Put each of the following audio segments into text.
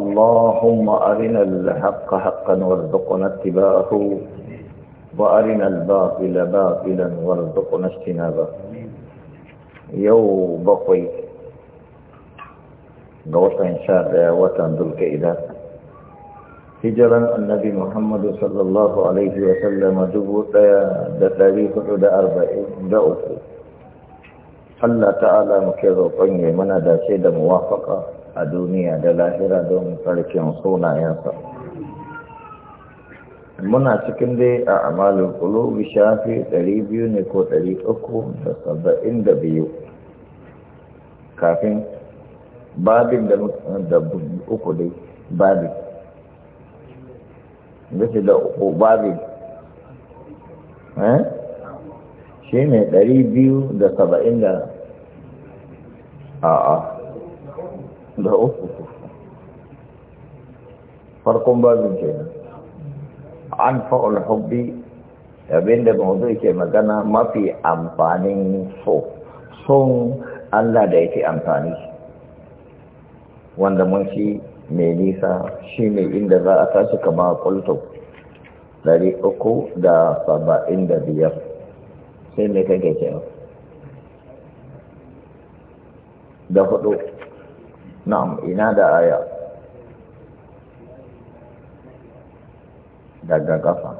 اللهم أرنا الحق حقا وارزقنا اتباعه وأرنا الباطل باطلا وارزقنا اجتنابه يو بقي غوطة إن شاء الله ذو كإذا هجرا النبي محمد صلى الله عليه وسلم دبوتا دتاريخ دا أربعين دا الله تعالى مكيرو قنية منا دا موافقة a duniya da lahira don tsarkin sunayensa muna cikin dai a amalin kulubi shafi 200 ne ko 372 kafin babin da uku dai babin bisa da uku babin eh? shi ne 270 da a da uku farkon babin kenan an fa'ul abin abinda mawzu yake magana mafi amfanin so son Allah da yake amfani wanda mun shi mai nisa shi ne inda za a tashi kama kulto biyar. sai mai kake cewa da hudu na'am ina da aya daga kafa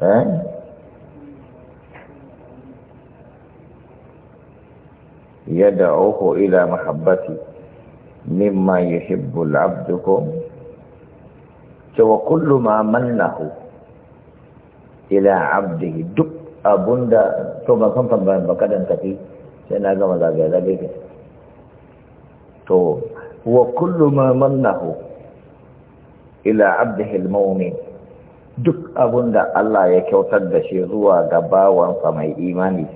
eh uku ila mahabbati mimma yuhibbu al-'abdukum wa kullu ma mannahu ila 'abdihi duk abunda to ban san ba kadan tafi sai na gama zagaye zagaye ka to wa kullu ma mannahu ila abdihi al duk abunda Allah ya kyautar da shi zuwa ga bawansa mai imani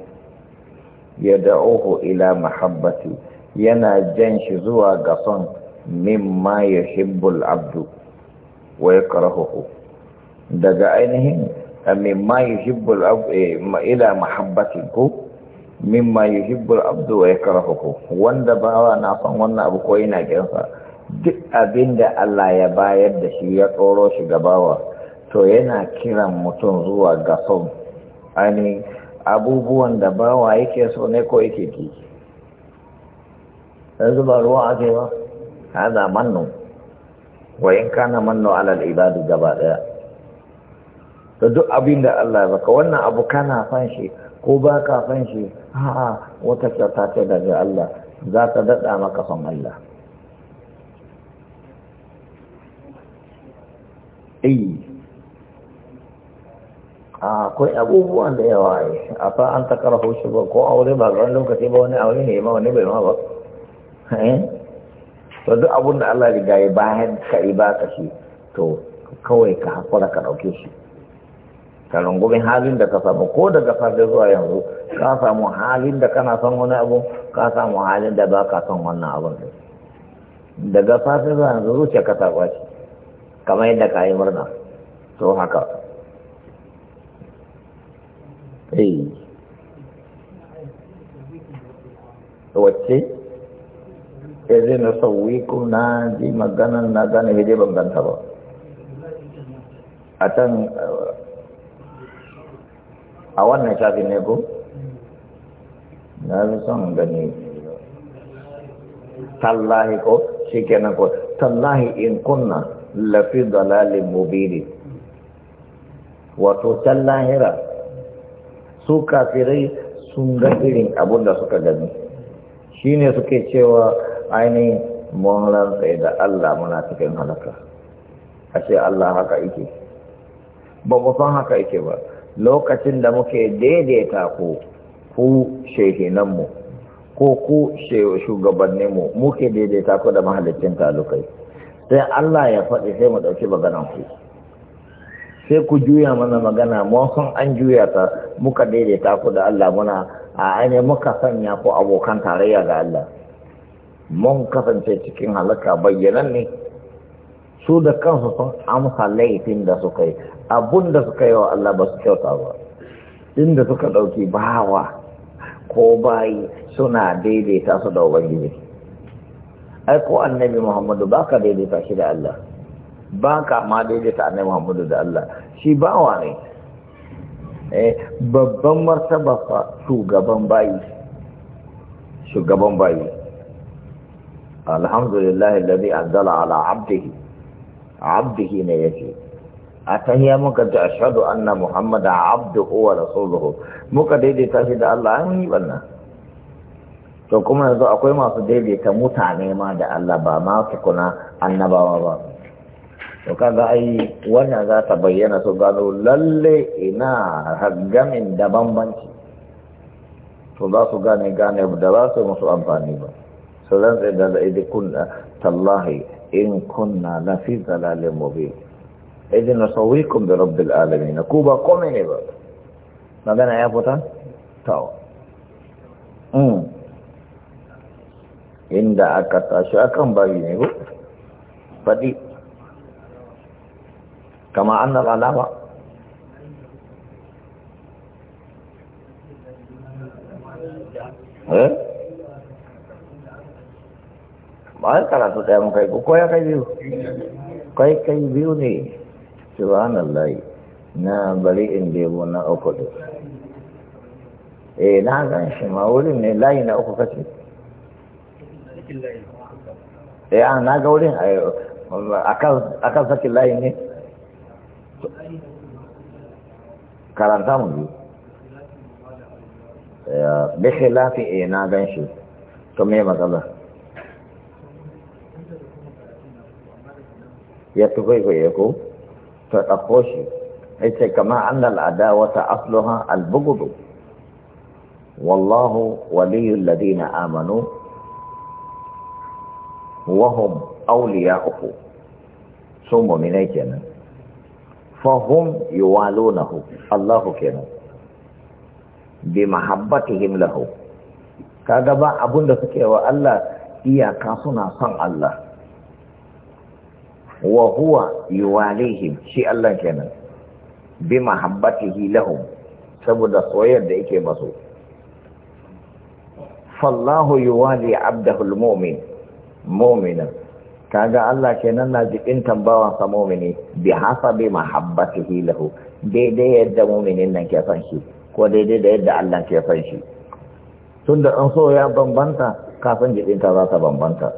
ya da'uhu ila mahabbati yana jan shi zuwa ga son mimma yuhibbul abdu wa yakrahuhu daga ainihin mimma yuhibbul abdu eh, ila mahabbati ko mimma yuhibbul abdu wa yakrahuhu wanda bawa na san wannan abu ko yana kiransa duk abinda Allah ya bayar da shi ya tsoro shi ga to yana kiran mutum zuwa ga son ani abubuwan da bawa yake so ne ko yake ki yanzu ba ruwa ake ba hada mannu wa in kana mannu alal ibadu gaba daya to duk abinda Allah ya baka wannan abu kana san shi ko ba ka san shi a'a wata kyauta ce daga Allah za ta daɗa maka son Allah eh akwai abubuwan da yawa yi a fa an ta karho shi ba ko aure ba ga lokaci ba wani aure ne ma wani bai ma ba eh? to duk abun da Allah ya riga ya bayan ka ba ka shi to kawai ka hakura ka ɗauke shi ka rungumi halin da ka samu ko daga safe zuwa yanzu ka samu halin da kana son wani abu ka samu halin da ba ka son wannan abun daga safe zuwa yanzu zuciya ka ta ce kamar yadda ka yi murna to haka eh wacce ya zai na sauwi na ji maganan na gane hidai ban ganta ba a can a wannan shafin ne ko na fi son gani tallahi ko shi kenan ko tallahi in kunna lafi dalali mubini wato tallahira su kafirai sun ga irin abun da suka gani shi ne suke cewa ainihin mun sai da Allah muna cikin halaka ashe Allah haka ike ba ku san haka ike ba lokacin da muke daidaita ku ku shehinanmu ko ku shugabanninmu muke daidaita ku da mahallicin talukai sai Allah ya faɗi sai mu ɗauki maganan ku sai ku juya mana magana mun san an juya ta muka daidaita ku da Allah muna a aine muka sanya ku abokan tarayya ga Allah mun kasance cikin halaka bayyanan ne su da kansu sun amsa laifin da suka yi abun da suka yi wa Allah ba su kyauta ba inda suka ɗauki bawa ko bayi suna daidaita su da ubangiji ai ko annabi muhammadu ba ka daidaita shi da Allah ba ka ma daidaita annabi muhammadu da Allah shi bawa ne eh, babban martaba fa shugaban bayi shugaban bayi alhamdulillah alladhi anzala ala abdihi abdihi ne yake a tahiya muka ta ashadu anna muhammada abduhu wa rasuluhu muka daidaita shi da Allah an yi to kuma yanzu akwai masu daidaita mutane ma da Allah ba ma su kuna annabawa ba to kaga ai wannan za ta bayyana su gano lalle ina hagamin da bambanci to za su gane gane da za su musu amfani ba سلام دا إذا كنا تالله إن كنا نفي ضلال مبين إذ نصويكم برب العالمين كوبا قومي نبا ماذا أنا يا فتا تاو أمم إن دعك تشاكم باقي نبو فدي كما أن العلامة إيه؟ Huh? ba karatu ɗaya mun kai ko ya kai biyu kai kai biyu ne subhanallah na bari in debo na uku ɗin eh na gan shi ma wurin ne layi na uku kace eh a na ga wurin a kan sakin layi ne karanta mu biyu eh, bi khilafi eh na gan shi to me matsala ya tukwaikwai ya ko ta ɗauko shi ce kama an al'ada wata asluha albugudu wallahu waliyu ladina amanu wahum auliya uku Sun muminai kenan fahum yuwalunahu Allahu kenan bi mahabbatihim lahu kaga ba abunda suke wa Allah iyaka suna son Allah wa huwa yuwalihim shi Allah kenan bi mahabbatihi lahum saboda soyayyar da yake masu fallahu yuwali abdahu almu'min mu'mina kaga Allah kenan na jikin tambawan sa mu'mini bi hasabi mahabbatihi lahu daidai yadda mu'minin nan ke son shi ko daidai da yadda Allah ke son shi tunda an so ya bambanta kafin jikinta za ta bambanta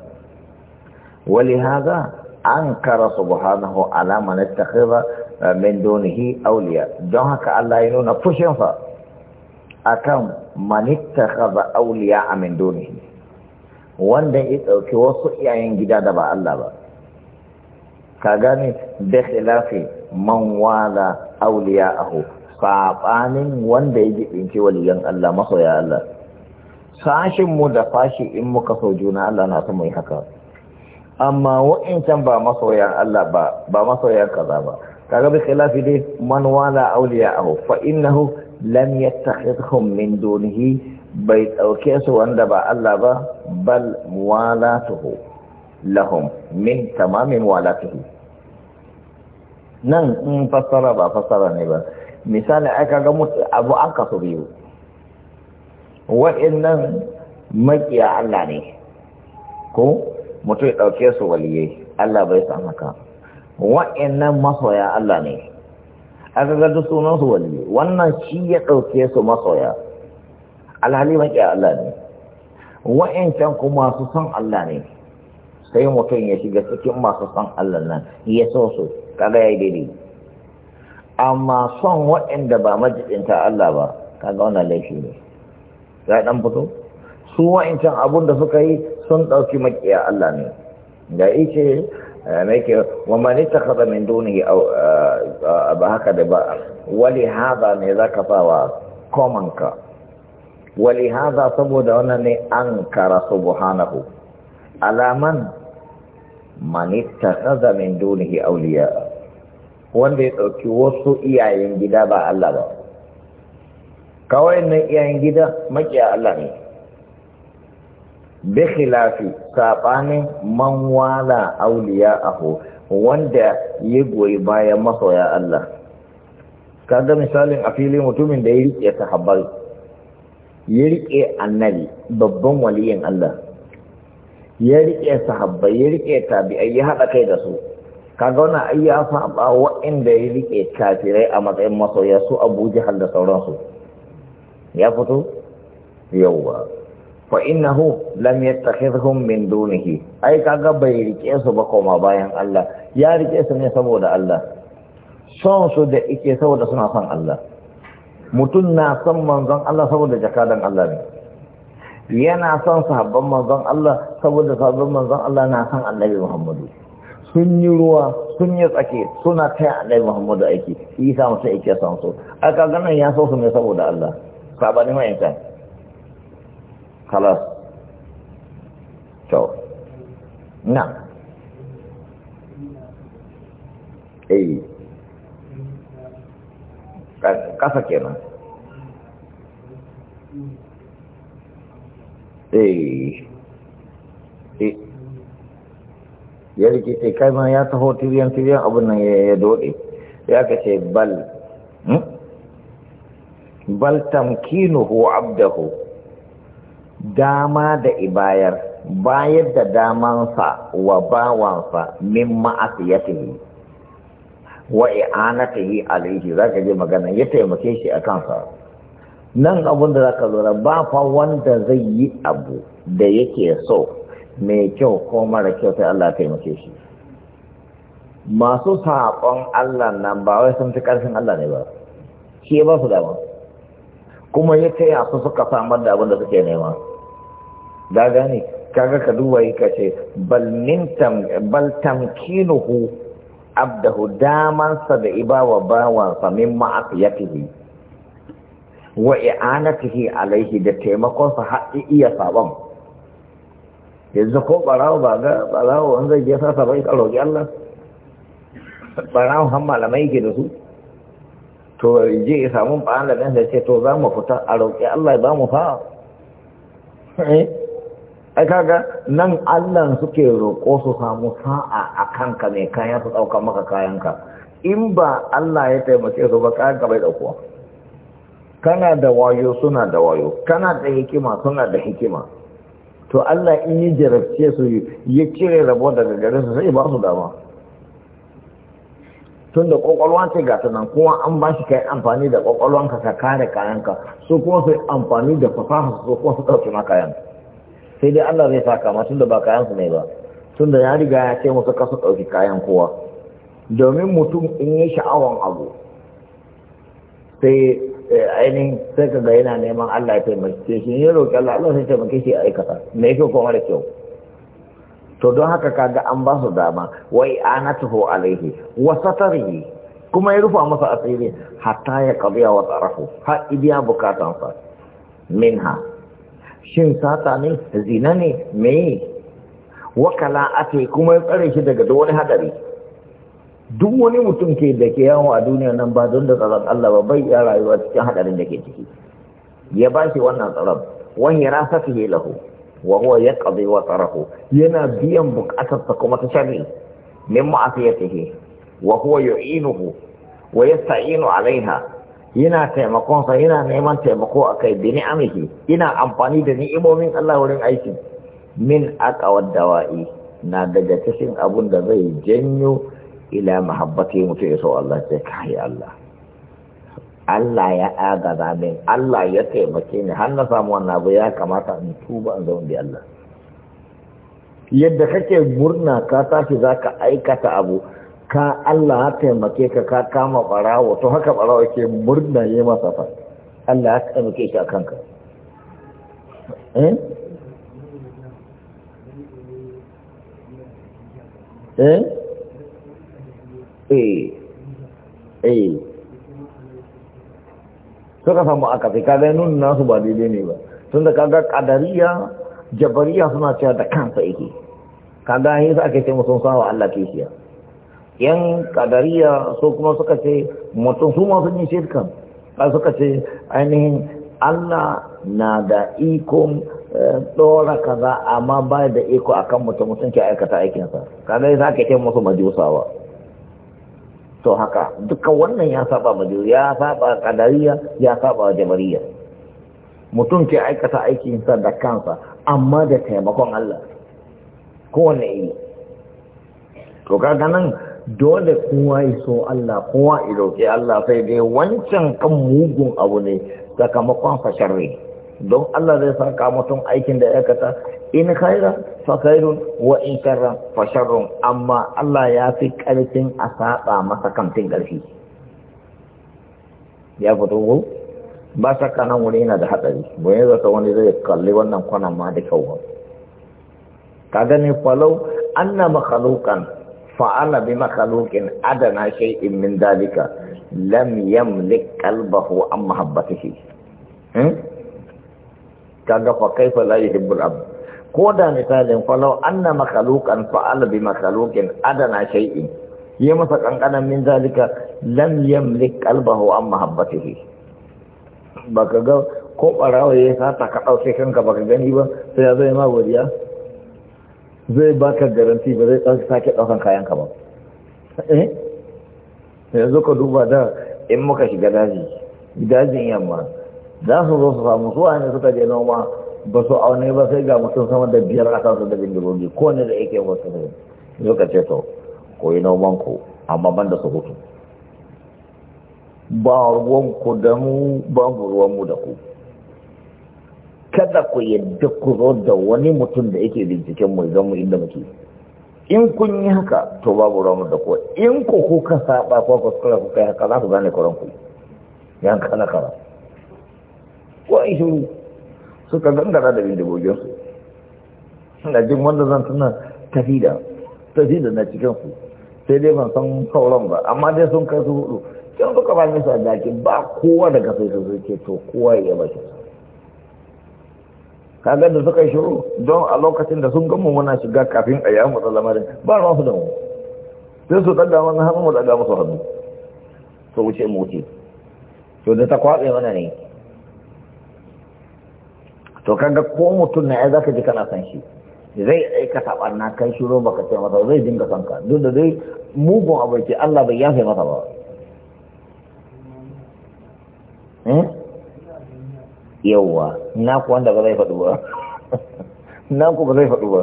wali haza ankara subhanahu ala man ittakhadha min dunihi awliya don haka Allah ya nuna fushin fa akan man ittakhadha awliya min dunihi wanda ya dauki wasu iyayen gida da ba Allah ba ka gane da khilafi man wala awliya'ahu sabanin wanda ya jibinci waliyan Allah masoya Allah sashin mu da fashi in muka so juna Allah na so mu yi haka amma wa'incan ba masoyan Allah ba ba masoyan kaza ba kaga bi khilafi dai man wala aw fa innahu lam yattakhidhum min dunihi bai dauke su wanda ba Allah ba bal walatuhu lahum min tamamin walatuhu nan in fassara ba fassara ne ba misali kaga mutu abu an kaso biyu nan makiya Allah ne ko mutum ya ɗauke su waliye Allah bai san haka wa'annan masoya Allah ne aka ga duk sunan su waliye wannan shi ya ɗauke su masoya alhali maƙi Allah ne wa'ancan kuma su san Allah ne sai mutum ya shiga cikin masu san Allah nan ya so su kaga ya yi daidai amma son wa'anda ba majidinta Allah ba kaga wannan laifi ne ya ɗan fito su wa'ancan abun da suka yi sun ɗauki maƙiya Allah ne da yake eh, mai ke wa mani ta kaza min duni eh, eh, ba haka da ba wali haza ne za ka fawa komanka wali haza saboda wannan ne an kara subhanahu alaman mani ta kaza min duni auliya wanda ya ɗauki wasu iyayen gida ba Allah ba kawai nan iyayen gida maƙiya Allah ne bikhilafi saɓani man wala auliya aho wanda ya goyi bayan masoya Allah kaga misalin a filin mutumin da ya riƙe sahabbai ya rike annabi babban waliyin Allah ya rike sahabbai ya riƙe tabi'ai ya haɗa kai da su kaga wannan ai ya saba waɗanda ya rike kafirai a matsayin masoya su Abu Jahal da sauransu ya fito yawwa fa innahu lam yattakhidhum min dunihi ai kaga bai rike su ba koma bayan Allah ya rike su ne saboda Allah son su da ike saboda suna son Allah mutum na son manzon Allah saboda jakadan Allah ne yana son sahabban manzon Allah saboda sahabban manzon Allah na son Annabi Muhammadu sun yi ruwa sun yi tsake suna kai Annabi Muhammadu aiki isa musu yake son su aka ganin ya so su ne saboda Allah sabanin wayanka خلاص تو نعم اي kasa kenan yadda ya rikice kai ma ya taho tiriyan tiriyan abin nan ya dode ya kace bal bal tamkinuhu abdahu dama da ibayar bayar da damansa wa bawansa min ma'asiyatihi wa i'anatihi alaihi zaka je magana ya taimake shi a kansa nan abun da zaka lura ba fa wanda zai yi abu da yake so mai kyau ko mara kyau sai Allah taimake shi masu saƙon Allah na ba wai sun fi ƙarfin Allah ne ba shi ba su dama kuma ya taya su suka samar da abin da suke nema da gane kaga ka duba yi ka ce bal tamkinu hu tamkinuhu abdahu damansa da ibawa bawansa min ma'afiyatihi wa i'anatihi alaihi da taimakonsa har iya sabon yanzu ko barawo ba ga barawo an zai je sasa bai ka ji Allah barawo han malamai ke da su to je ya samu ɓalamin da ce to za mu fita a roƙi Allah ba mu fa eh? ai kaga nan Allah suke roƙo su samu sa'a a kanka mai kayan su ɗauka maka kayanka in ba Allah ya taimake su ba kayanka bai ɗaukuwa kana da wayo suna da wayo kana da hikima suna da hikima to Allah in yi jarabce su ya cire rabo daga gare su sai ba su dama tun da kwakwalwa ce ga nan kuma an ba shi kai amfani da kwakwalwanka ka kare kayanka su kuma su amfani da fasaha su kuma su ɗauki ma kayanka sai dai Allah zai saka ma tunda ba kayan su ne ba tunda ya riga ya ce musu kasu ɗauki kayan kowa domin mutum in yi sha'awan abu sai eh, ainihin sai ka ga yana neman Allah ya taimake shi ya roƙi Allah Allah sai taimake shi a aikata me yake kuma da kyau to don haka kaga an ba su dama wai anatuhu alaihi wa satarihi kuma ya rufa masa asiri hatta ya qadiya wa tarafu har ibiya bukatansa minha shin sata ne zina ne me? wakala ake kuma ya tsare shi daga wani hadari duk wani mutum ke da ke yawo a duniya nan ba don da tsaron Allah ba bai ya rayuwa cikin hadarin da ke ciki ya ba shi wannan tsaron wani ya rasa rasatihi lahu wa huwa kazai wa tarahu yana biyan bukatar ta kuma ta shari min ma'asiyatihi wa huwa yu'inuhu wa yasta'inu alaiha yana taimakonsa yana neman taimako a kai bi ni'amihi ina amfani da ni'imomin Allah wurin aiki min aqawad dawa'i na daga cikin abun da zai janyo ila mahabbati mutu ya so Allah sai kai Allah Allah ya agaza min Allah ya taimake ni har na samu wannan abu ya kamata in tuba in zaune Allah yadda kake murna ka tashi zaka aikata abu ka Allah ya taimake ka ka kama barawo to haka barawo yake murna ya masa fa Allah ya taimake shi a kanka eh eh eh eh ka samu aka fi ka kaga nuna nasu ba daidai ne ba tun da kaga kadariya jabariya suna cewa da kansa yake kaga yin su ake ce musun sawa Allah kishiya yan kadariya so kuma suka ce mutum su ma sun yi shirkan ba suka ce ainihin Allah na da ikon eh, ɗora kaza amma ba da iko akan mutum mutum ke aikata aikinsa kada ya sake ce musu majusawa to haka duka wannan ya saba majo ya saba kadariya ya saba jamariya mutum ke aikata aikinsa da kansa amma da taimakon Allah kowane iri to kaga nan dole kowa ya so Allah kowa ya roƙi Allah sai dai wancan kan mugun abu ne sakamakon fasharri don Allah zai saka mutum aikin da aikata in khaira fa khairun wa in sharra fa sharrun amma Allah ya fi karfin a saba masa kamtin karfi ya fito ko ba saka nan wuri yana da hatsari bayan zata wani zai kalli wannan kwanan ma da kyau ka gani falau anna makhluqan fa'ala bi makhluqin adana shay'in min dalika lam yamlik qalbahu am mahabbatihi kaga fa kaifa la yuhibbul abd ko da misalin falau anna makhluqan fa'ala bi makhluqin adana shay'in ya masa kankanan min zalika lam yamlik qalbahu an mahabbatihi baka ga ko barawa ya sata ka dauke kanka baka gani ba sai ya zo ma godiya zai baka garanti ba zai sake ɗaukan kayan ka ba eh yanzu ka duba da in muka shiga daji dajin yamma za su zo su samu su ne suka je noma ba su aune ba sai ga mutum sama da biyar a kansu da bindigogi ko ne da yake wasu ne suka ce to ko yi noman ku amma ban da su hutu ba ruwan ku da mu ba ruwan mu da ku kada ku yadda ku zo da wani mutum da yake binciken mu idan mu inda muke in kun yi haka to babu ramu da kuwa in ku kuka saba ko kula ku kai haka za ku gane koran ku yan kana kara ko ai shiru suka gangara da bindigogin su na jin wanda zan tuna tafi da na cikin ku sai dai ban san sauran ba amma dai sun kai su hudu kin suka ba sa da ba kowa daga sai su ke to kowa ya ba su kaga da suka yi shiru don a lokacin da sun gamu muna shiga kafin a yamu da lamarin ba ruwan su da mu sai su daga wani hannu mu daga musu hannu su wuce mu wuce to da ta kwaɓe mana ne to kaga ko mutum na ya zaka ji kana san shi zai aikata barna kan shiru baka ce masa zai dinga san ka duk da dai mugun abu ce Allah bai yafe masa ba eh? yawwa na ku wanda ba zai faɗu ba na ku ba zai faɗu ba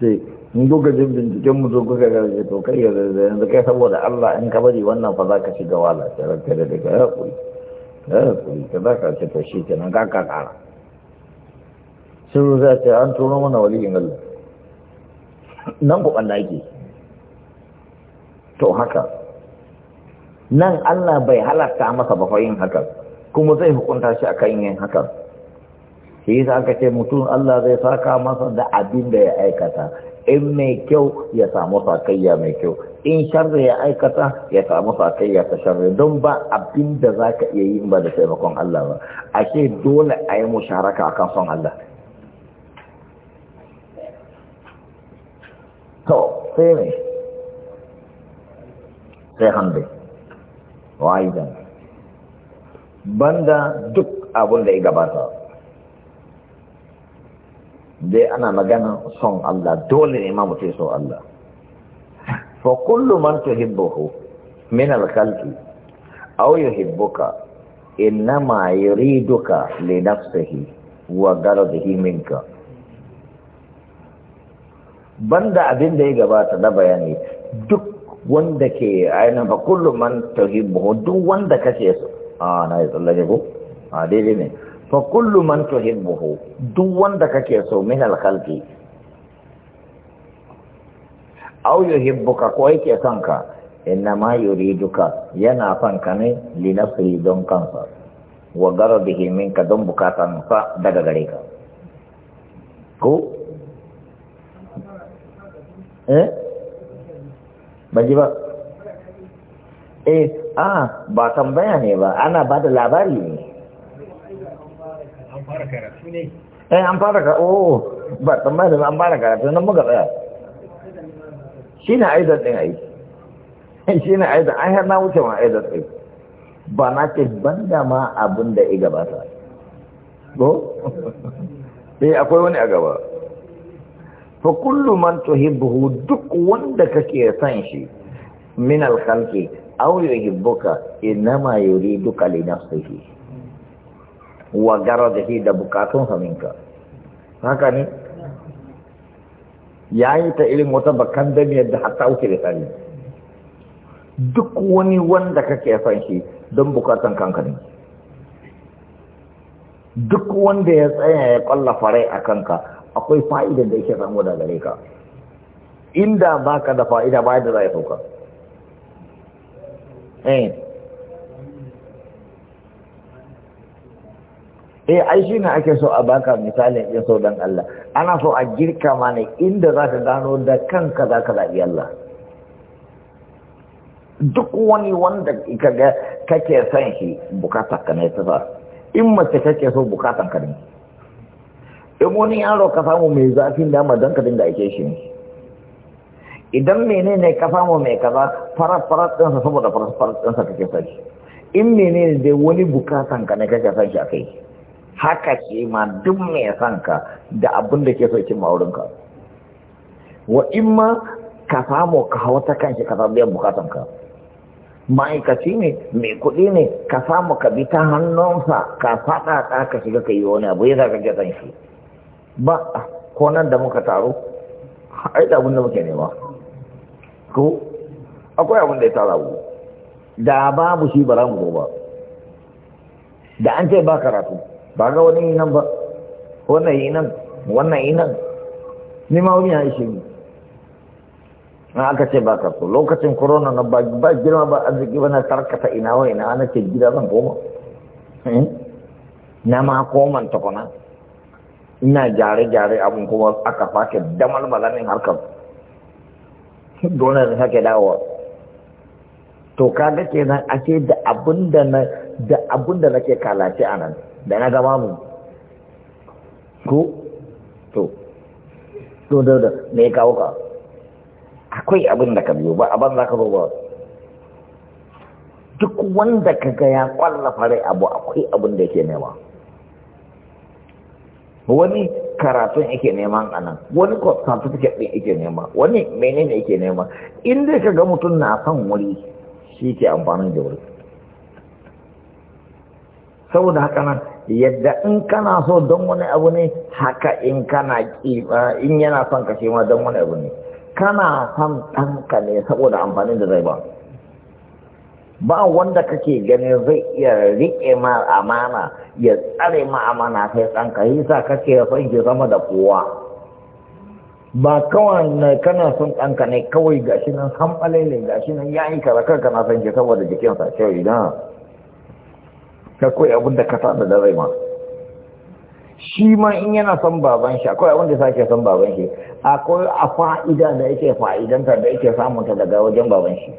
sai in kuka jin binciken mu zo kuka ga to kai ya yanzu kai saboda Allah in ka bari wannan fa za ka shiga wala ta ranka da daga ya kuri ya kuri ka za ka ce ta shi kenan ka ka kara sun za ta an turo mana in Allah nan ku ɓanna yake to haka nan Allah bai halatta masa ba yin haka kuma zai hukunta shi akan yin hakan shi yasa aka ce mutum Allah zai saka masa da abin da ya aikata in mai kyau ya samu sakayya mai kyau in sharri ya aikata ya samu sakayya ta sharri don ba abin da za ka iya yi ba da taimakon Allah ba a ce dole a yi musharaka akan son Allah to sai ne sai wa'idan banda duk abin da ya gabata dai ana magana son Allah dole ne ma mutum son Allah fa kullu man tuhibbuhu min al-khalqi aw yuhibbuka ma yuriduka li nafsihi wa garadihi minka banda abin da ya gabata na bayani duk wanda ke ainihin ba kullum man duk wanda kake so a na yi tsallake ko a daidai ne fa kullu man tuhibbuhu duk wanda kake so min al-khalqi aw yuhibbuka ko yake son ka inna ma yuriduka yana son ka ne li nafsi don kansa wa garadihi minka don bukatan sa daga gare ka ko eh ba eh a ah, ba tambaya ne ba ana ba da labari ne an fara karatu ne eh an fara ka oh ba tambaya ne an fara karatu nan muka tsaya Shi ne aizar din ai ne aizar ai har na wuce ma aizar din ba na ce banda ma abin da ya gabata ko Eh, akwai wani a gaba fa kullu man tuhibbu duk wanda kake son shi min al-khalqi aw yuhibbuka innama yuriduka li nafsihi wa garadihi da bukatun haminka haka ne yayi ta irin wata bakan da ne da hatta uke da tsari duk wani wanda kake son shi don bukatun kanka ne duk wanda ya tsaya ya kwalla farai a kanka akwai fa'idan da yake samu daga gare ka inda baka da fa'ida ba da za ya sauka Eh. eh ai shi ne ake so a baka misalin in so don Allah ana so a girka mana inda za ka gano da kanka za ka zaɓi Allah duk wani wanda ka ga kake son shi bukatar ka ne tafa in mace kake so bukatar ka ne in wani yaro ka samu mai zafin dama don ka dinga ake shi ne idan menene ka samu mai kaza farar farar ɗinsa saboda fara-fara ɗinsa kake ke shi in menene dai wani bukatan ka ne kake san shi akai haka ke ma duk mai san ka da abin da ke so cin maurin ka wa in ma ka samu ka hau ta kan shi ka samu biyan bukatan ka ma'aikaci ne mai kuɗi ne ka samu ka bi ta hannunsa ka faɗa faɗaɗa ka shiga ka yi wani abu ya za ka ke san shi ba ko nan da muka taro ai da abin da muke nema ko akwai abin da ya tara ku da mu shi ba mu ba da an ce ba karatu ba ga wani yi nan ba wannan yi nan wannan yi nan ni ma wani ya yi shi na aka ce ba karatu lokacin corona na ba girma ba arziki ba na karkata ina wa ina ana ce gida zan koma hmm? na ma koman kuna ina jare jare abin kuma aka fashe damar malamin harkar dole da sake dawowa to ga kenan a ce da abin da na da abin da nake kalace a nan da na gama mu ko to to da da me ka ka akwai abin da ka biyo ba abin za ka zo ba duk wanda ka ga ya kwallafa rai abu akwai abin da yake nema wani karatun yake nema a nan wani certificate ɗin yake nema wani menene yake nema in ka ga mutum na son wuri shi ke amfanin da wuri saboda haka nan yadda in kana so don wani abu ne haka in kana eh, in yana son ka ma don wani abu ne kana son ɗanka ne saboda amfanin da zai ba ba wanda kake ganin zai iya riƙe ma amana ya tsare ma amana sai ɗanka yi sa kake son ki zama da kowa ba kawai kana son ɗanka ne kawai gashi nan hanɓalele gashi nan ya yi karakar kana son ki saboda jikinsa kyau idan ka koyi abin da ka sa da dare ma shi ma in yana son baban shi akwai abin da sake son baban shi akwai a fa'ida da yake fa'idanta da yake samunta daga wajen baban shi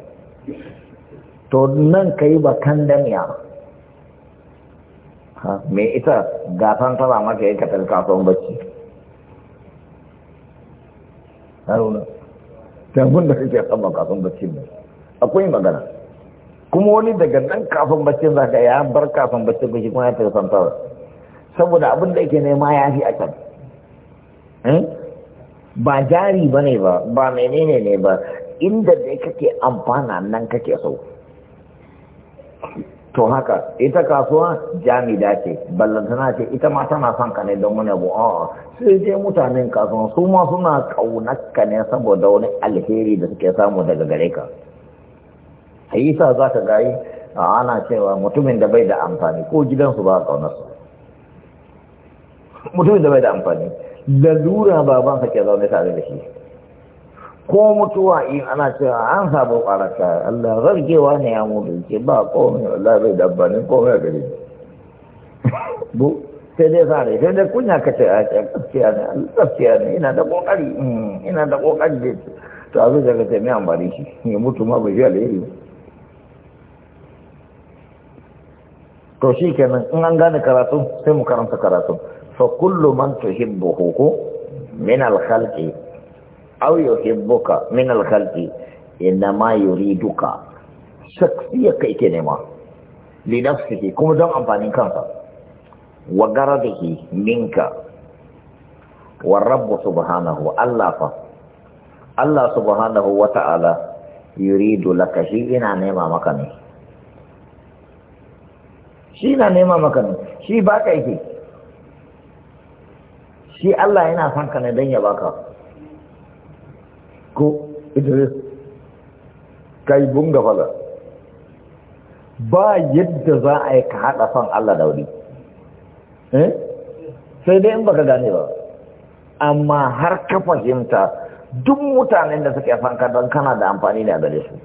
to nan ka yi bakan damiya me ita gasan tara maka yi katar kasuwan bacci haruna tankun da kake saman kasuwan bacci ne akwai magana kuma wani daga nan kasuwan bacci za ka ya bar kasuwan bacci ba shi kuma ya tafi tara saboda abin da yake nema ya fi a can hmm? ba jari ba ne ba ba menene ne ba inda da kake amfana nan kake so to haka ita kasuwa jami'a ce ballantana ce ita ma tana son ka ne don wani abu a sai dai mutanen kasuwa su ma suna kaunarka ne saboda wani alheri da suke samu daga gare ka A sa za ka gayi ana cewa mutumin da bai da amfani ko gidansu ba su mutumin da bai da amfani lalura babansa ke zaune tare da shi ko mutuwa in ana cewa an samu ɓaraka Allah zargewa ne ya mutu Ke ba komai Allah zai dabba ne komai a gari bu sai dai sa rai sai dai kunya ka ce a ce gaskiya ne gaskiya ne ina da kokari mm, ina da kokari da ce to a zuciya ka ce mai amfani shi ya mutu ma bai ji alheri to shi kenan in an gane karatu sai mu karanta karatu fa kullu man tuhibbu ko min al-khalqi أو يحبك من الخلق إنما يريدك شخصية كيكينما لنفسك كم دم أمباني كانت وغرضه منك والرب سبحانه الله ف الله سبحانه وتعالى يريد لك شيئا نيما مكاني شيئا نيما مكاني شي باكا يكي shi الله yana son ندين ne ko idris kai bunga fala ba yadda za a yi ka haɗa son Allah da wuri eh? sai dai in baka gane ba amma har ka fahimta duk mutanen da suke fanka don kana da amfani da gare su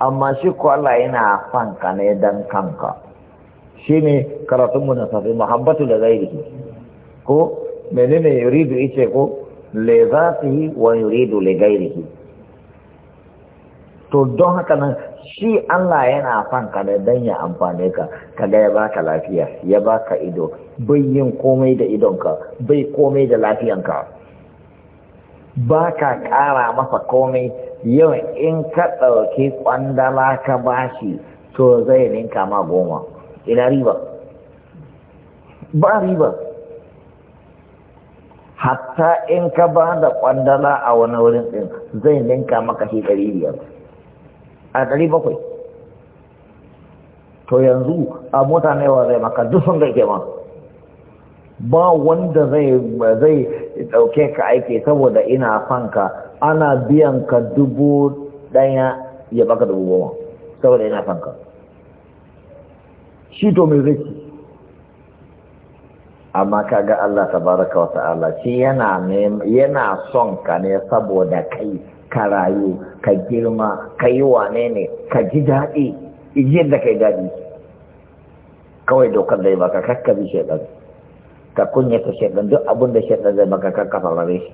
amma shi ko Allah yana fanka ne don kanka shi ne karatunmu na safi muhabbatu da zairi ko menene yuridu ice ko لذاته ويريد لغيره to don haka nan shi Allah yana fan ka da don ya amfane ka ka ga ya baka lafiya ya baka ido bai yin komai da idon ka bai komai da lafiyanka ba ka ƙara masa komai yau in ka ɗauki ƙwandala ka bashi to zai ninka ma goma ina riba ba riba hatta in ka ba da kwandala a wani wurin din zai ninka maka shi ɗari biyar a ɗari bakwai to yanzu a mota yawa zai maka duk sun gaike ma ba wanda zai zai ɗauke ka aiki saboda ina fanka ana biyan ka dubu ɗaya ya baka dubu goma saboda ina fanka shi to mai zai amma kaga Allah tabaraka wa ta'ala shi yana son ka ne saboda kai ka rayu ka girma ka yi wane ne ka ji daɗi yadda da kai daɗi kawai dokar da yi baka kakkabi shaidan ka kunyata shaidan duk abin da shaidan zai baka kakkafa rare shi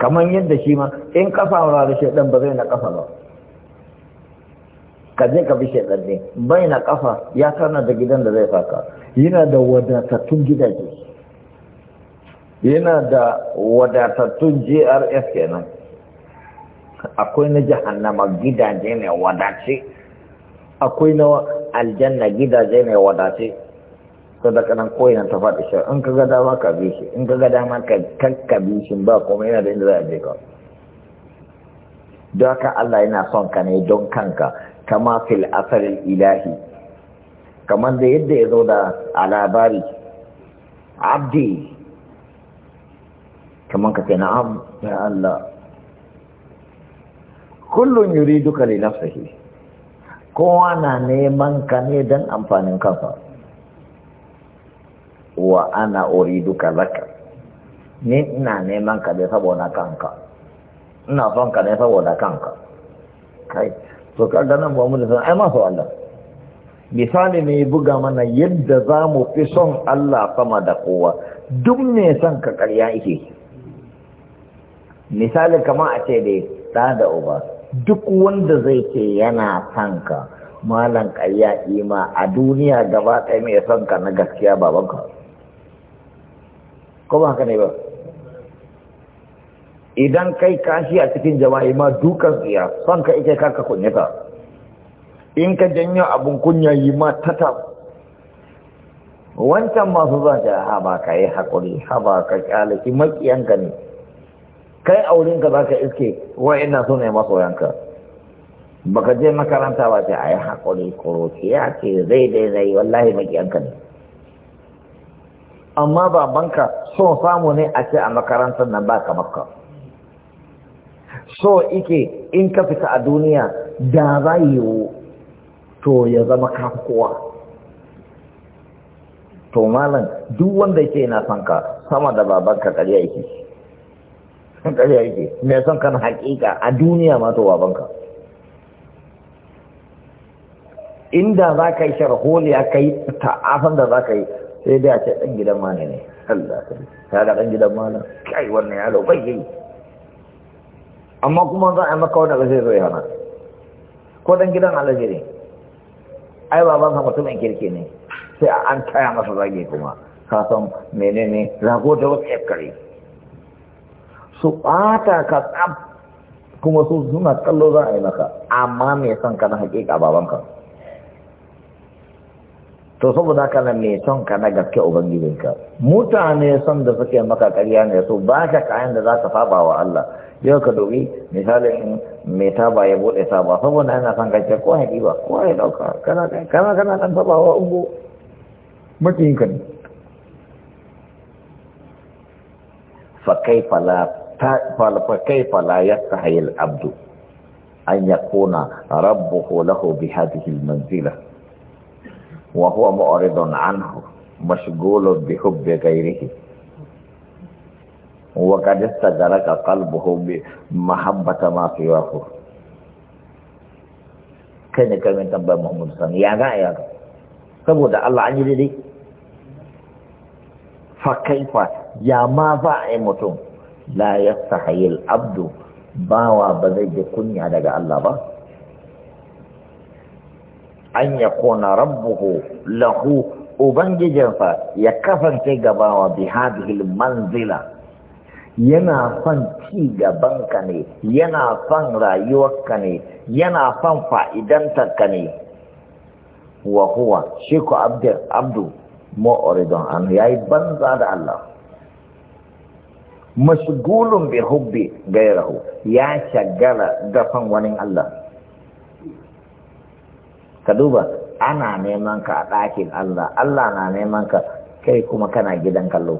kamar yadda shi ma in kafa rare shaidan ba zai na kafa ba ka je ka bishe shaidan bai na ƙafa ya tana da gidan da zai faka yana da wadatattun gidaje yana da wadatattun jrs kenan akwai na jahannama gidaje ne wadace akwai na aljanna gidaje ne wadace ta da kanan koyi ta faɗi shi in ka ga dama ka bi shi in ka ga dama ka bi shi ba kuma yana da inda za a je ka don haka Allah yana son ka ne don kanka kama fil asalin ilahi kamar da yadda ya zo da a labari abdi kamar ka ce na'am ya Allah kullum yuri duka ne nafsahi kowa na neman ka ne don amfanin kafa. wa ana ori duka laka ni ina neman ka ne saboda kanka ina son ka ne saboda kanka kai to kaga nan ba mu da san ai ma so Allah misali ne buga mana yadda za mu fi son Allah sama da kowa duk mai son ka karya ike misali kama a ce dai ɗa da uba duk wanda zai ce yana son ka malan karya ima a duniya gaba ɗaya mai son ka na gaskiya babanka ko ba haka ne ba idan kai kashi a cikin jama'i ma dukan tsiya son ka ike karka kunyata in ka janyo abin kunya yi ma tata wancan masu zata ha ba ka yi haƙuri ha ba ka ƙyalaki maƙiyanka ne kai aurinka za ka iske wa ina so ne ba baka je makaranta ba ce a yi haƙuri kuruciya ce zai dai zai wallahi maƙiyanka ne amma babanka son samu ne a ce a makarantar nan ba ka makka so ike in ka fita a duniya da za yiwu to ya zama kafi to malam duk wanda yake yana son ka sama da babanka ƙarya yake ƙarya yake mai son kan haƙiƙa a duniya ma to babanka inda za ka yi sharholiya ka yi ta'afan da za ka yi sai dai a ce ɗan gidan mana ne Allah ta ga ɗan gidan mana kai wannan yalo bai yi amma kuma za a maka wanda zai zo hana, ko dan gidan alaji ne ai mutum mutumin kirki ne sai an taya masa zage kuma ka san menene rago da wasu yakkari su ɓata ka tsab kuma su suna kallo za a yi maka amma mai son ka na hakika babanka to saboda haka nan mai son ka na gaske ubangijinka mutane son da suke maka ƙarya ne so ba ka kayan da za ka saba wa Allah yau ka dubi misalin mai taba ya bude saba saboda yana son kace, ko ya ba? ko ya dauka kana kana kana kan saba wa ungo mutunka ne fa kaifa la fa kaifa la yastahi abdu an yakuna rabbuhu lahu bi hadhihi al-manzila وهو معرض عنه مشغول بحب غيره وقد استدرك قلبه بمحبة ما سواه kai ne kai mai tambayar Muhammad Sani ya ga ya saboda Allah an yi daidai fa kaifa ya ma ba a yi eh, mutum la yastahayil abdu bawa ba zai ji kunya daga Allah ba an ya kona rabbuhu lahu ubangijinsa ya kasance gabawa bi hadhihi manzila yana son ci gabanka ne yana son rayuwarka ne yana son fa'idantarka ne wa huwa shi abdu ma'oridon an ya banza da Allah mashgulun bi hubbi gairahu ya shagala da son wani Allah ka duba ana neman ka a ɗakin Allah Allah na neman ka kai kuma kana gidan kallo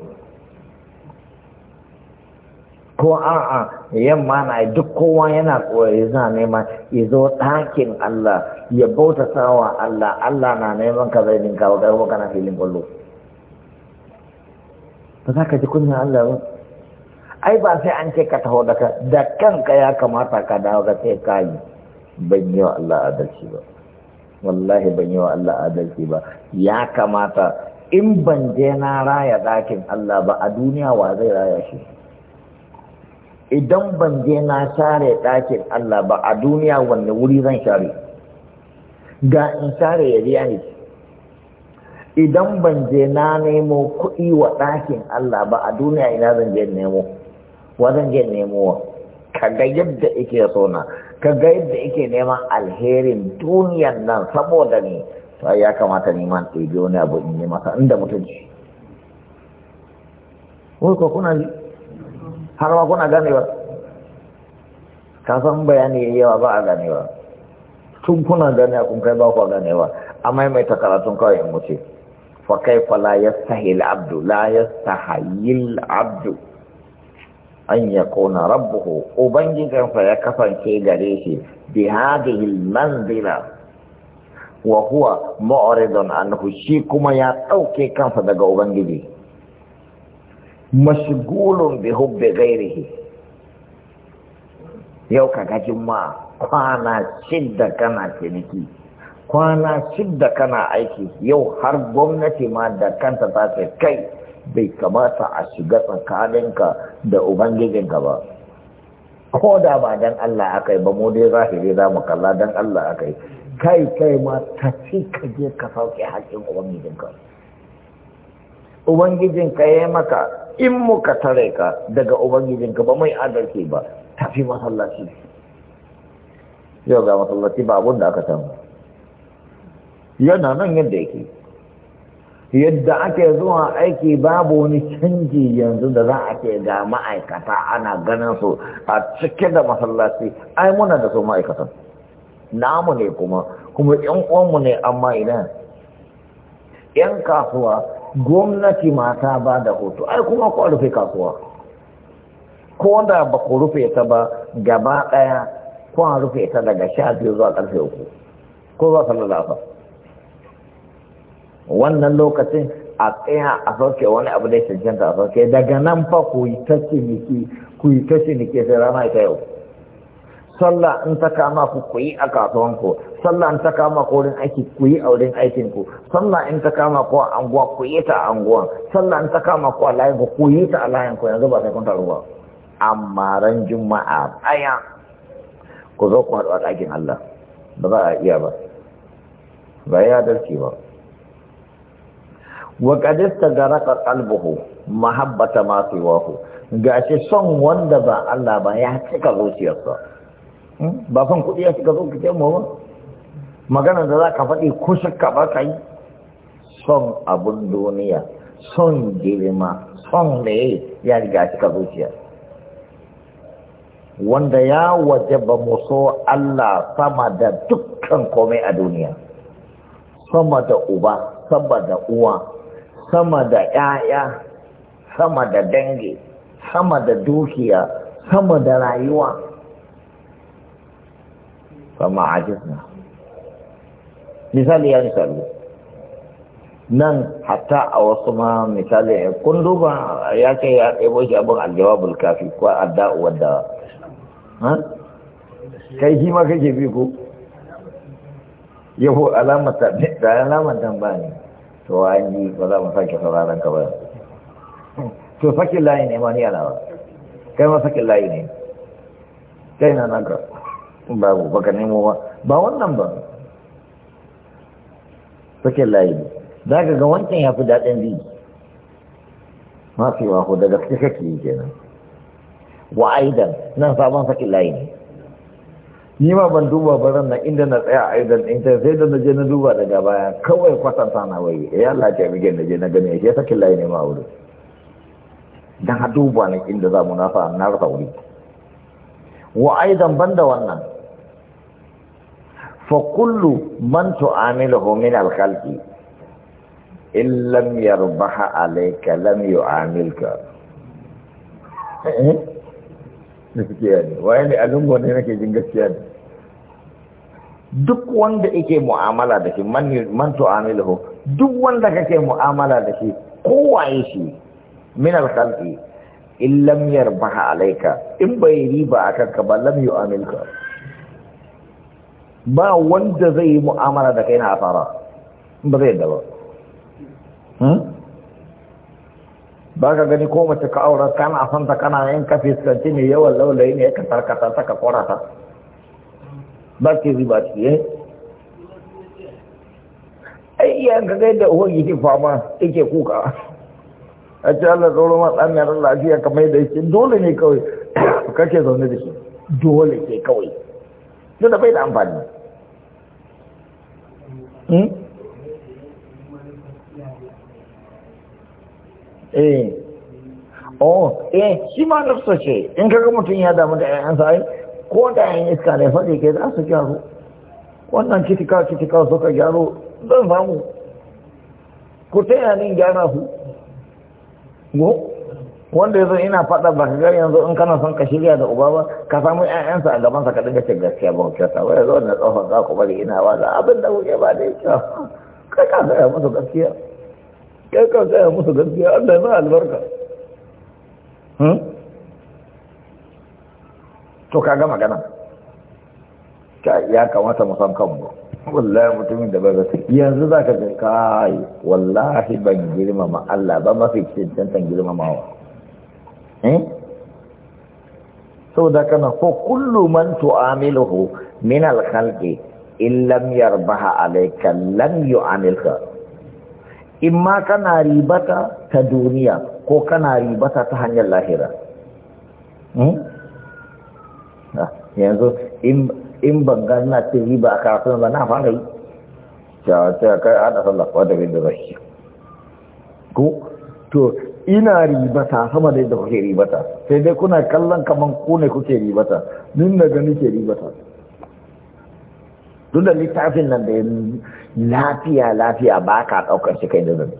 ko a'a yamma na duk kowa yana koyi yana neman, izo ɗakin Allah ya bauta sawa Allah Allah na neman ka zai ninka wa garba kana filin kwallo ba za ka ji kunya Allah ba ai ba sai an ce ka taho da ka da kanka ya kamata ka dawo ka ce kayi ban yi wa Allah adalci ba wallahi ban yi wa Allah adalci ba ya kamata in ban je na raya ɗakin Allah ba a duniya wa zai raya shi idan ban je na share ɗakin Allah ba a duniya wanne wuri zan share ga in share ya riya ne idan ban je na nemo kuɗi wa ɗakin Allah ba a duniya ina zan je nemo wa zan je nemo wa kaga yadda ike so na ka ga yadda yake neman alherin duniyan nan saboda ne, to ya kamata neman ɗebe wani abu in yi masa inda mutunci wai ko kuna ji har ma kuna ganewa ka san bayani yawa ba a ganewa tun kuna ganewa kun kai ba ku ganewa a maimaita karatun kawai in wuce fa fa la yastahil abdu la yastahil abdu an ya kona rabbuhu ubangijinsa ya kasance gare shi bi hadhihi manzila wa huwa mu'ridun anhu shi kuma ya ɗauke kansa daga ubangiji mashgulun bi hubbi ghairihi yau kaga ma kwana shidda kana ciniki kwana shidda kana aiki yau har gwamnati ma da kanta ta ce kai bai kamata a shiga tsakaninka da ubangijinka ba ko da ba dan Allah aka yi ba mu dai zahiri za mu kalla dan Allah aka yi kai kai ma ta ci ka je ka sauke haƙƙin ubangijinka ubangijinka ya yi maka in muka tare ka daga ubangijinka ba mai adalci ba tafi masallaci yau ga masallaci ba abun da aka samu yana nan yadda yake yadda ake zuwa aiki babu wani canji yanzu da za a ke ga ma'aikata ana ganin su a cike da masallaci ai muna da su ma'aikatan namu ne kuma kuma yan uwanmu ne amma ina yan kasuwa gwamnati mata ba da hoto ai kuma ku rufe kasuwa ko da ba ku rufe ta ba gaba daya kun rufe ta daga sha biyu zuwa karfe uku ko zuwa sallar wannan lokacin a tsaya a sauke wani abu da ya cancanta a sauke daga nan fa ku yi ta ciniki ku yi ta ciniki sai rana ita yau sallah in ta kama ku ku yi a kasuwanku sallah in ta kama ku wurin aiki ku yi a wurin aikin ku sallah in ta kama ku a anguwa ku yi ta a anguwan sallah in ta kama ku a layin ku ku yi ta a layin ku yanzu ba sai kun taru ba amma ran juma'a aya ku zo ku haɗu a ɗakin Allah ba za a iya ba ba ya dalci ba wa qadista garaka qalbuhu mahabbata ma siwahu ce son wanda ba Allah ba ya cika zuciyarsa hmm? ba son kuɗi ya cika zuciyar mu ba magana da zaka faɗi ko shakka ba kai son abun duniya son girma son meye ya riga cika zuciya wanda ya waje ba mu so Allah sama da dukkan komai a duniya sama da uba sama da uwa sama da ƴaƴa, sama da dangi sama da dukiya sama da rayuwa sama ajizna misali ya misali nan hatta a wasu ma misali kun duba ya ce ya ɗebo shi abin aljawabul kafi ko adda'u wadda kai shi ma kake bi ko yabo alamata da alamata ba ne to an ji ba za mu sake sauraron ka ba to sakin layi ne ma ni alawa kai ma sakin layi ne kai na naka babu baka nemo ba ba wannan ba sakin layi ne za ka ga wancan ya fi daɗin bi mafi wahu daga gaske kake yi kenan wa aidan nan sabon sakin layi ne ni ma ban duba baran na inda na tsaya a idan ɗin sai da na je na duba daga baya kawai kwatanta na wai eh, ya Allah ce na je na gani ya sakin layi ma wuri dan ha duba na inda za mu nafa na rasa wuri wa aidan banda wannan fa kullu man tu'amiluhu min al-khalqi in lam yarbaha alayka lam yu'amilka eh? gaskiya ne waye ne a lungo ne nake jin gaskiya ne duk wanda yake mu'amala da shi man ho, duk wanda kake mu'amala da shi kowaye shi min al-khalqi in lam yarbaha alayka in bai riba akan ka ba lam yu'amilka ba wanda zai yi mu'amala da kai na fara ba zai yadda ba hmm? ba ka gani ko mace ka aura kana a santa kana yin kafi fiskanci ne yawan laulayi ne ka tarkata ta ka korata ba ke riba ce eh? ai iyayen ka gaida uwan yake fama yake kuka a ce Allah tsoro ma tsamiyar lafiya kamar da shi dole ne kawai kake zaune da shi dole ke kawai tunda bai da amfani hmm? eh oh eh shi ma nafsa ce in kaga mutum ya damu da ƴaƴan sa ko da iska ne ke za su wannan kitika kitika samu ku taya ni gyara su wanda ya ina ba ka gari yanzu in kana son ka shirya da uba ba ka samu ƴaƴansa a gabansa ka dinga cin gaskiya ba na tsohon za ku bari ina abin da kuke ba kai ka gaya kai ka tsaya musu gaskiya Allah ya albarka hmm? to ka ga magana ya kamata mu san kanmu wallahi mutumin da bai zata yanzu za ka kai wallahi ban girmama Allah ba mafi cancantan girmamawa hmm? sau so da kana ko kullum man tu'amiluhu min al-khalqi in lam yarbaha alayka lam yu'amilka in ma kana ribata ta duniya ko kana ribata ta hanyar lahira hmm? ah, yanzu in ban gana ce riba a karatun ba na fara yi a kai ana sallafa da bin da zai ko to ina ribata sama da yadda kuke ribata sai dai kuna kallon kaman ku ne kuke ribata nuna gani ke ribata duk da littafin nan da lafiya lafiya ba ka daukar shi kai da zabi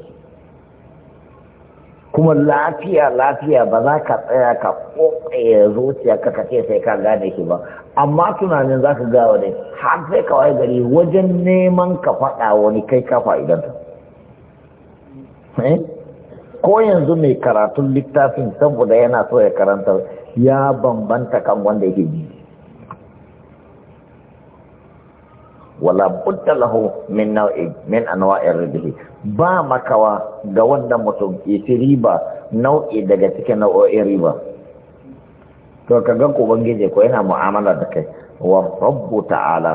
kuma lafiya lafiya ba za ka tsaya ka kokaye zuciya ka kace sai ka gane shi ba amma tunanin za ka gawa ne har sai ka waye gari wajen neman ka faɗa wani kai kafa idan ta eh? ko yanzu mai karatun littafin saboda yana so ya karanta ya bambanta kan wanda yake ji wala budda lahu min nau'i min anwa'i ridhi ba makawa ga wanda mutum yace riba nau'i daga cikin nau'o'in riba to kaga ko bangije ko yana mu'amala da kai wa rabbu ta'ala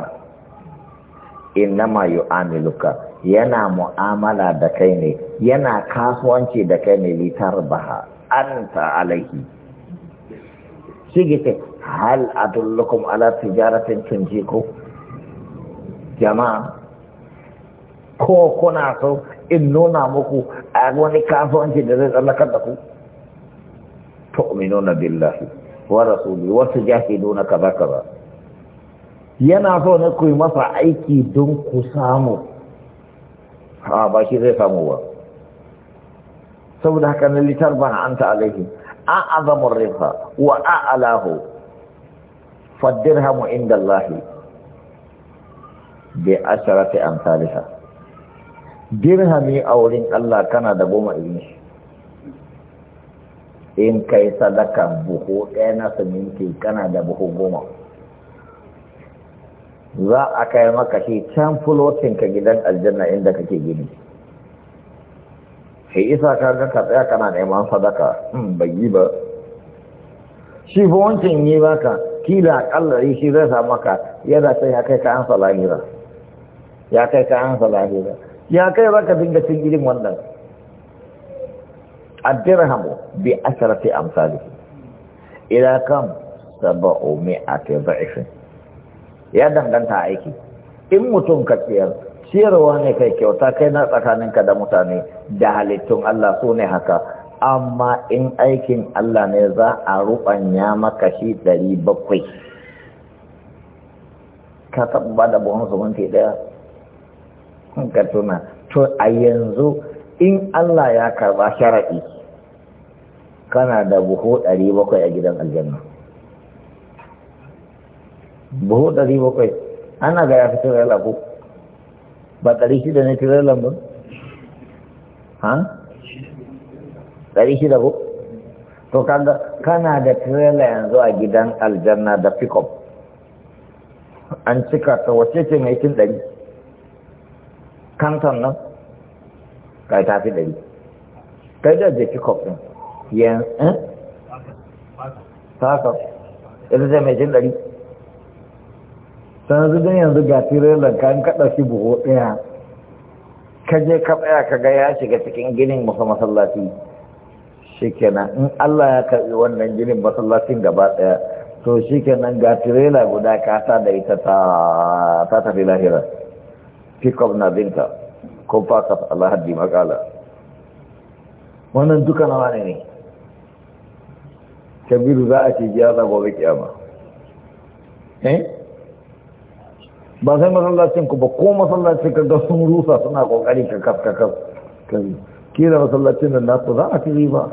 innama yu'amiluka yana mu'amala da kai ne yana kasuwanci da kai ne litarbaha anta alaihi shi gite hal adullukum ala tijaratin tunjiku jama'a ko kuna so in nuna muku a wani kasuwanci da zai tsallakar da ku tu'minuna billahi wa rasuli wa nuna kaza kaza yana so ne ku yi masa aiki don ku samu a ba shi zai samu ba saboda haka na litar ba bana anta alaihi an azamun rifa wa a'alahu faddirhamu inda Allahi bi asharati amsalha dirhami a wurin Allah kana da goma irin shi in kai sadaka buhu ɗaya na siminti kana da buhu goma za a kai maka shi can fulotin ka gidan aljanna inda kake gini sai isa ka ga ka tsaya kana neman sadaka in hmm, bai yi ba shi fa wancan yi baka kila akalla shi zai sa maka yana sai ya kai ka an lahira. ya kai ka an salahi ba ya kai za ka dinga cin irin wannan addirhamu bi asharati amsalihi ila kam saba'u mi'ati dha'ifin ya danganta aiki in mutum ka tsiyar ciyarwa ne kai kyauta kai na tsakaninka da mutane da halittun Allah su ne haka amma in aikin Allah ne za a rubanya maka shi ɗari bakwai ka taɓa ba da buhun sumunti ɗaya ka tuna to a yanzu in Allah ya karba sharaɗi kana da buhu ɗari bakwai a gidan aljanna buhu ɗari bakwai ana ga ya fi tirela ko ba ɗari shida ne tirela ba ha ɗari shida ko to kaga kana da tirela yanzu a gidan aljanna da pickup an cika ta wace ce mai cin ɗari kansan nan kai ta fi ɗari kai da je ki ɗin yan eh? sasa ita zai mai jin ɗari sanar zuɗin yanzu ga tirelan ka an kaɗa shi buhu ɗaya ka je ka tsaya ka ga ya shiga cikin ginin masa masallaci kenan in Allah ya karɓi wannan ginin masallacin gaba ɗaya to kenan ga tirela guda ka ta da ita ta tafi lahira pickup na Binta ko Allah alhaddi makala wannan duka na wane ne kabiru za a ce jiyaza gobe kiyama eh ba sai masallacin ku ba ko masallacin ka ga sun rusa suna kokari ka kaf ka kaf kira masallacin da nasu za a fi ba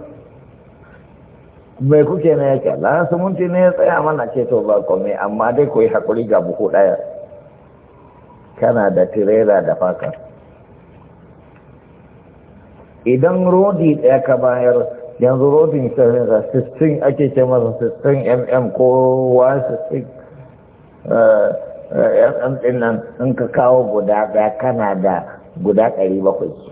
mai kuke na yake na mun ne ya tsaya mana ce to ba kome amma dai ku yi haƙuri ga buku ɗaya kana da tirela da faka idan rodi ɗaya ka bayar yanzu rodin shirinsa 16 ake ce masa 16 mm ko 16 eh, eh, mm ɗin nan in ka kawo guda ɗaya kana da guda 700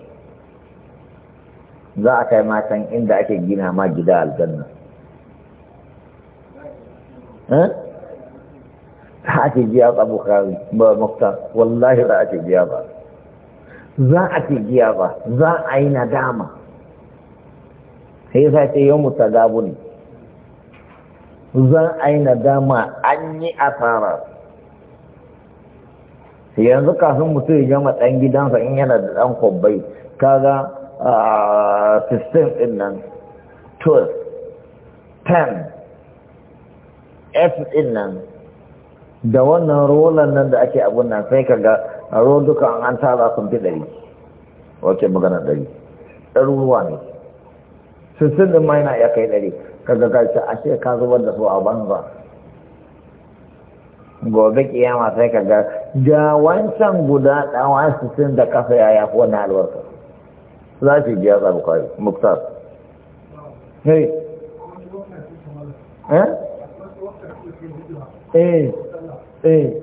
za a kai matan inda ake gina ma gida aljanna eh za a giya ba bukari ba mafta wallahi za a ce giya ba za a ce giya ba za a yi nadama sai sa ce yau mutu gabu ne za a yi nadama an yi asara yanzu kafin mutum ya gama ɗan gidansa in yana da ɗan kwabbai kaga sistem ɗin nan 12 10 f ɗin nan da wannan rolan nan da ake abun nan sai ka ga duka an tara sun fi ɗari wace magana ɗari ɗaruruwa ne sun ɗin ma yana iya kai ɗari ka ga gashi a ce ka zubar da su a banza gobe kiyama sai ka ga ga wancan guda ɗawa sun da kafa ya yafi wani alwarsa. za su biya sa bukari muktar eh eh Eh.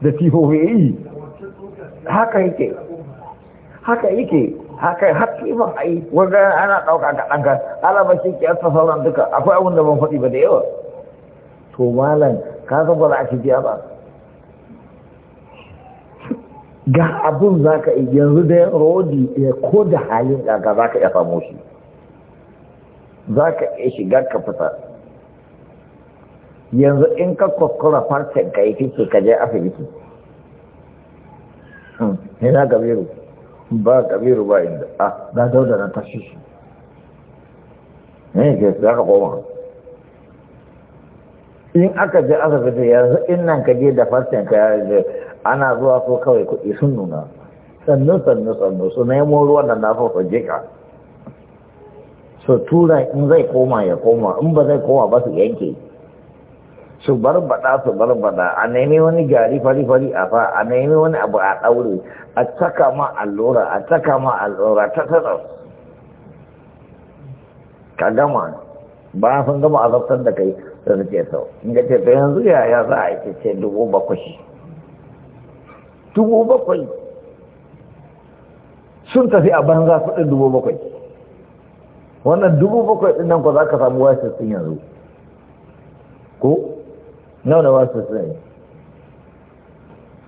da tihohi e? haka yake haka yake haka haƙƙi ba a yi wanda ana ɗauka ga ɗanka alama shi ke yasa sauran duka akwai abin da ban faɗi ba da yawa to malam ka san ba za a ci biya ba ga abin za ka yi yanzu da rodi ya eh, ko da halin ɗaga za ka iya famo shi za ka iya shiga ka fita yanzu in ka kwakwara farcen ka yi fice ka je asibiti ne hmm, na gabiru ba gabiru ba inda ah, a na dauda na tashi shi ne ke za ka koma in aka je asibiti yanzu in nan ka je da farcen ka ana zuwa so kawai kuɗi sun nuna sannu sannu sannu su nemo ruwan da na fafa jika so tura in zai koma ya koma in ba zai koma ba su yanke su barbada su barbada a nemi wani gari fari-fari a fa a nemi wani abu a ɗaure a taka ma allura a taka ma allura ta tsada ka gama ba sun gama azabtar da kai su ce sau in ga ce to yanzu yaya za a yi ce dubu bakwai dubu bakwai sun tafi a banza kuɗin dubu bakwai wannan dubu bakwai ɗin nan ko za ka samu wasu sun yanzu ko Nau da wasu tsaye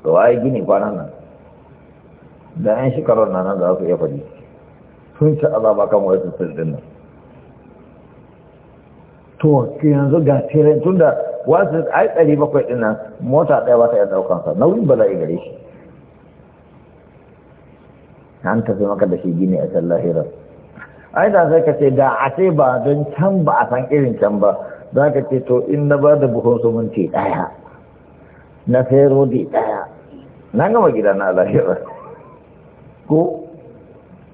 to ai gini kwanan nan da yan shekarar na nan za su iya faɗi sun ci azaba kan wasu tsaye din nan to yanzu ga tere tun da wasu ai ɗari bakwai ɗin nan mota ɗaya ba ta iya ɗaukansa nauyin ba za a gare shi an tafi maka da shi gini a can ai da sai ka ce da a ce ba don can ba a san irin can ba za ka ce to in na ba da buhun sumunci daya na sai rodi daya na gama gida na lahira ko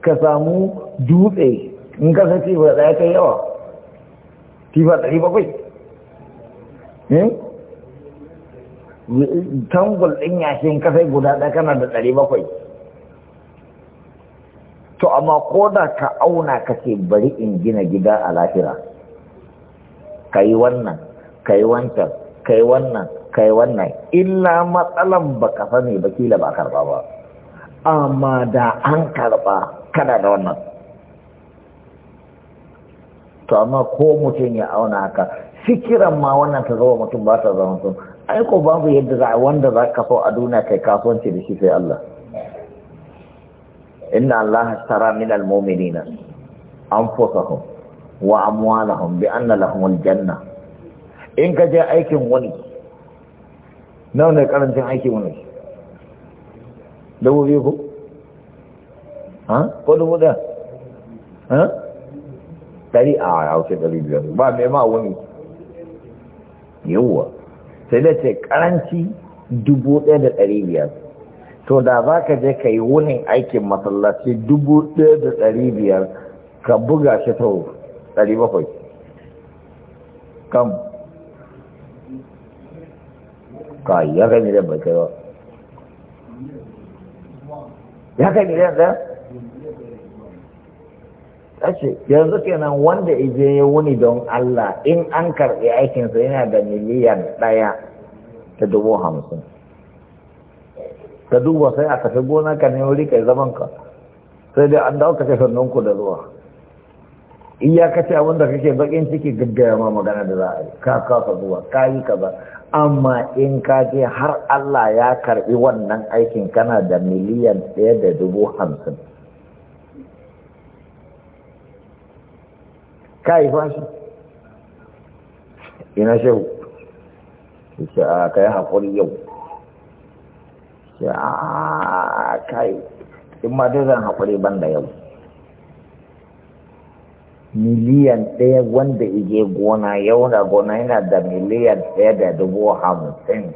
ka samu dutse in ka sa tifa daya ta yawa tifa ɗari bakwai eh? tangul ɗin yashin ka sai guda ɗaya kana da ɗari bakwai to amma ko da ka auna ka ce bari in gina gida a lahira Ka yi wannan ka kai wancan yi wannan ka yi wannan illa matsalan ba ka sani ba kila ba karba ba amma da an karba kana da wannan to amma ko mutum ya auna haka fikiran ma wannan ta zama mutum ba ta zama mutum ai ko babu yadda za a wanda za ka so a duniya kai kasuwanci da shi sai Allah inna Allah tara min al-mu'minina anfusahum wa amwalahum bi anna lahumul janna in ka je aikin wani nawa ne karancin aikin wani dubu biyu ko ha ko dubu da ha dari a hausa dari biyar ba mai ma wani yawwa sai da ce karanci dubu ɗaya da ɗari biyar to da za ka je ka yi wunin aikin masallaci dubu ɗaya da ɗari biyar ka buga shi sau ɗari bakwai kan kai ya kai miliyan bai kai ba ya kai miliyan ɗaya ce yanzu kenan wanda ije ya wuni don Allah in an karɓi aikinsa yana da miliyan ɗaya ta dubu hamsin ka duba sai aka fi gona ka ne wuri kai zaman ka sai dai an dauka ka sannan ku da zuwa kace abin da kake bakin ciki gaggaya ma magana da za a yi ka kafa zuwa ka yi ka ba amma in ka je har Allah ya karbi wannan aikin kana da miliyan ɗaya da dubu hamsin ka yi fashi ina shehu ce a ka yi haƙuri yau ce a ka yi in ma dai zan haƙuri ban da yau miliyan ɗaya wanda ije gona yauna gona yana da miliyan ɗaya da dubu hamsin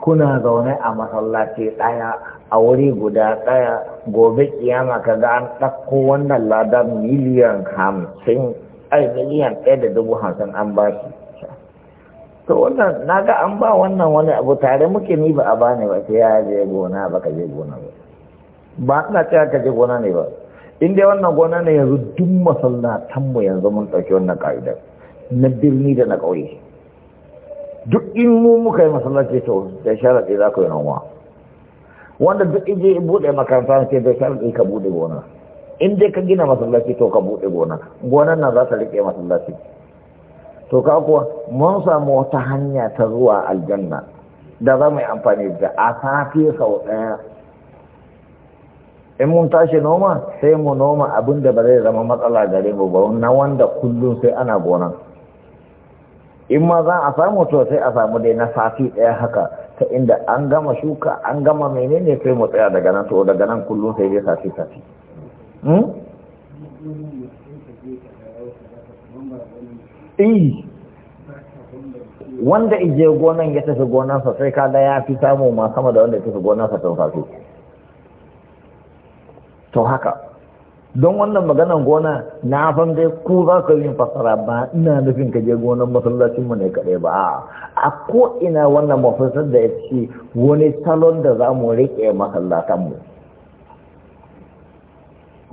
kuna zaune a masallaci ɗaya a wuri guda ɗaya gobe kiyama ka ga an ɗakko wannan ladar miliyan hamsin ai miliyan ɗaya da dubu hamsin an ba shi to wannan na ga an ba wannan wani abu tare muke ni ba a bani ba sai ya je gona ba ka je gona ba ba ka cewa ka je gona ne ba Inda wannan gona ne yanzu duk mu yanzu mun ɗauki wannan ƙa'idar na birni da na ƙauye duk in mu muka yi masallaci to da ce za ku yi noma wanda duk in je in bude makaranta ce da ce ka buɗe gona in dai ka gina masallaci to ka buɗe gona gonan nan za ta riƙe masallaci to ka kuwa mun samu wata hanya ta zuwa aljanna da za mu yi amfani da a sau ɗaya in mun tashi noma sai mu noma abin da ba zai zama matsala gare mu ba na wanda kullum sai ana gonan in ma za a samu to sai a samu dai na safi ɗaya haka ta inda an gama shuka an gama menene sai mu tsaya daga nan to daga nan kullum sai dai safi safi hmm? eh. wanda ije gonan ya tafi gonansa sai kada ya fi samu ma sama da wanda ya tafi gonansa tun safi to haka don wannan maganan gona na san dai ku za ka yi fasara ba ina nufin ka je gonan masallacin mu ne kaɗai ba a ko ina wannan mafasar da ya wani salon da za mu riƙe masallatan mu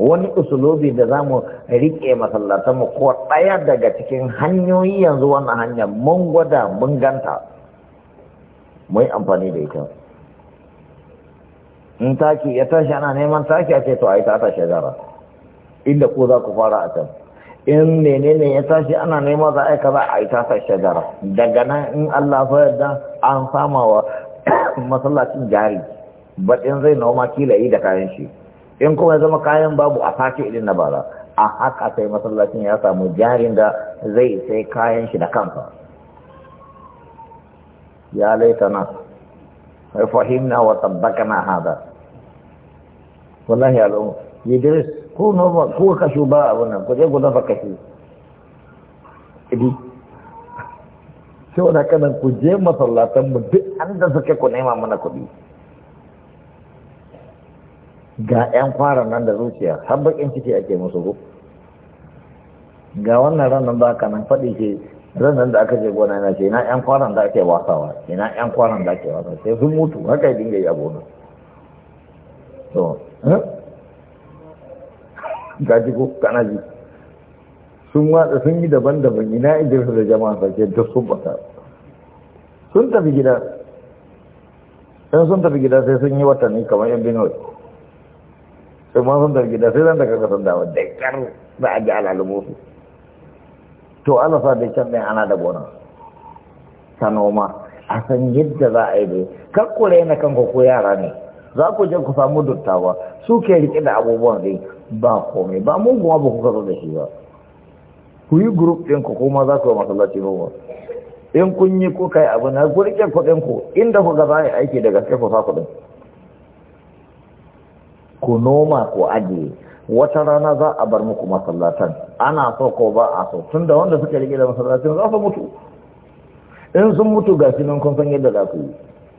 wani usulobi da za mu riƙe mu ko ɗaya daga cikin hanyoyi yanzu wannan hanyar mun gwada mun ganta mu yi amfani da ita in taki ya tashi ana neman taki a ce to ai ta shagara inda ko za ku fara a can in menene ya tashi ana neman za a yi kaza a yi ta shagara daga nan in Allah fa yadda an sama wa masallacin jari baɗin zai noma kila yi da kayan shi in kuma ya zama kayan babu a sake irin na bara a haka sai masallacin ya samu jarin da zai sai kayan shi da kansa ya laita na fahimna wa tabbakana hada wallahi al'umma idris ko noma ko kashu ba abu nan ku je ku dafa kashu idi sai wani kanan ku je masallatan mu duk an da suke ku nema mana kuɗi ga 'yan fara nan da zuciya har bakin ciki ake musu ga wannan ranar ba ka nan faɗi ke ranar da aka je gona yana ce ina yan kwanan da ake wasawa ina yan kwanan da ake wasawa sai sun mutu haka dinga yi a gona to eh? ji ko kana ji sun watsa sun yi daban-daban ina idris da jama'a sake duk sun bata sun tafi gida in sun tafi gida sai sun yi watanni kamar yan binoy sai ma sun tafi gida sai zan daga kasan dawa da karu za a ji alalumosu to ana sa da can ne ana da gona ta noma a san yadda za a yi dai kar ku raina kanku ko yara ne za ku je ku samu dottawa su ke riƙe da abubuwan dai ba komai ba mu kuma ba ku kasa da shi ba ku yi group ɗin ku kuma za ku yi masallaci ba in kun yi ko kai abu na ku riƙe kuɗin ku inda ku ga za a aiki da gaske ku sa kuɗin ku noma ku ajiye wata rana za a bar muku masallatan ana so ko ba a so tun da wanda suka rike da masallatan za su mutu in sun mutu ga nan kun san yadda za ku yi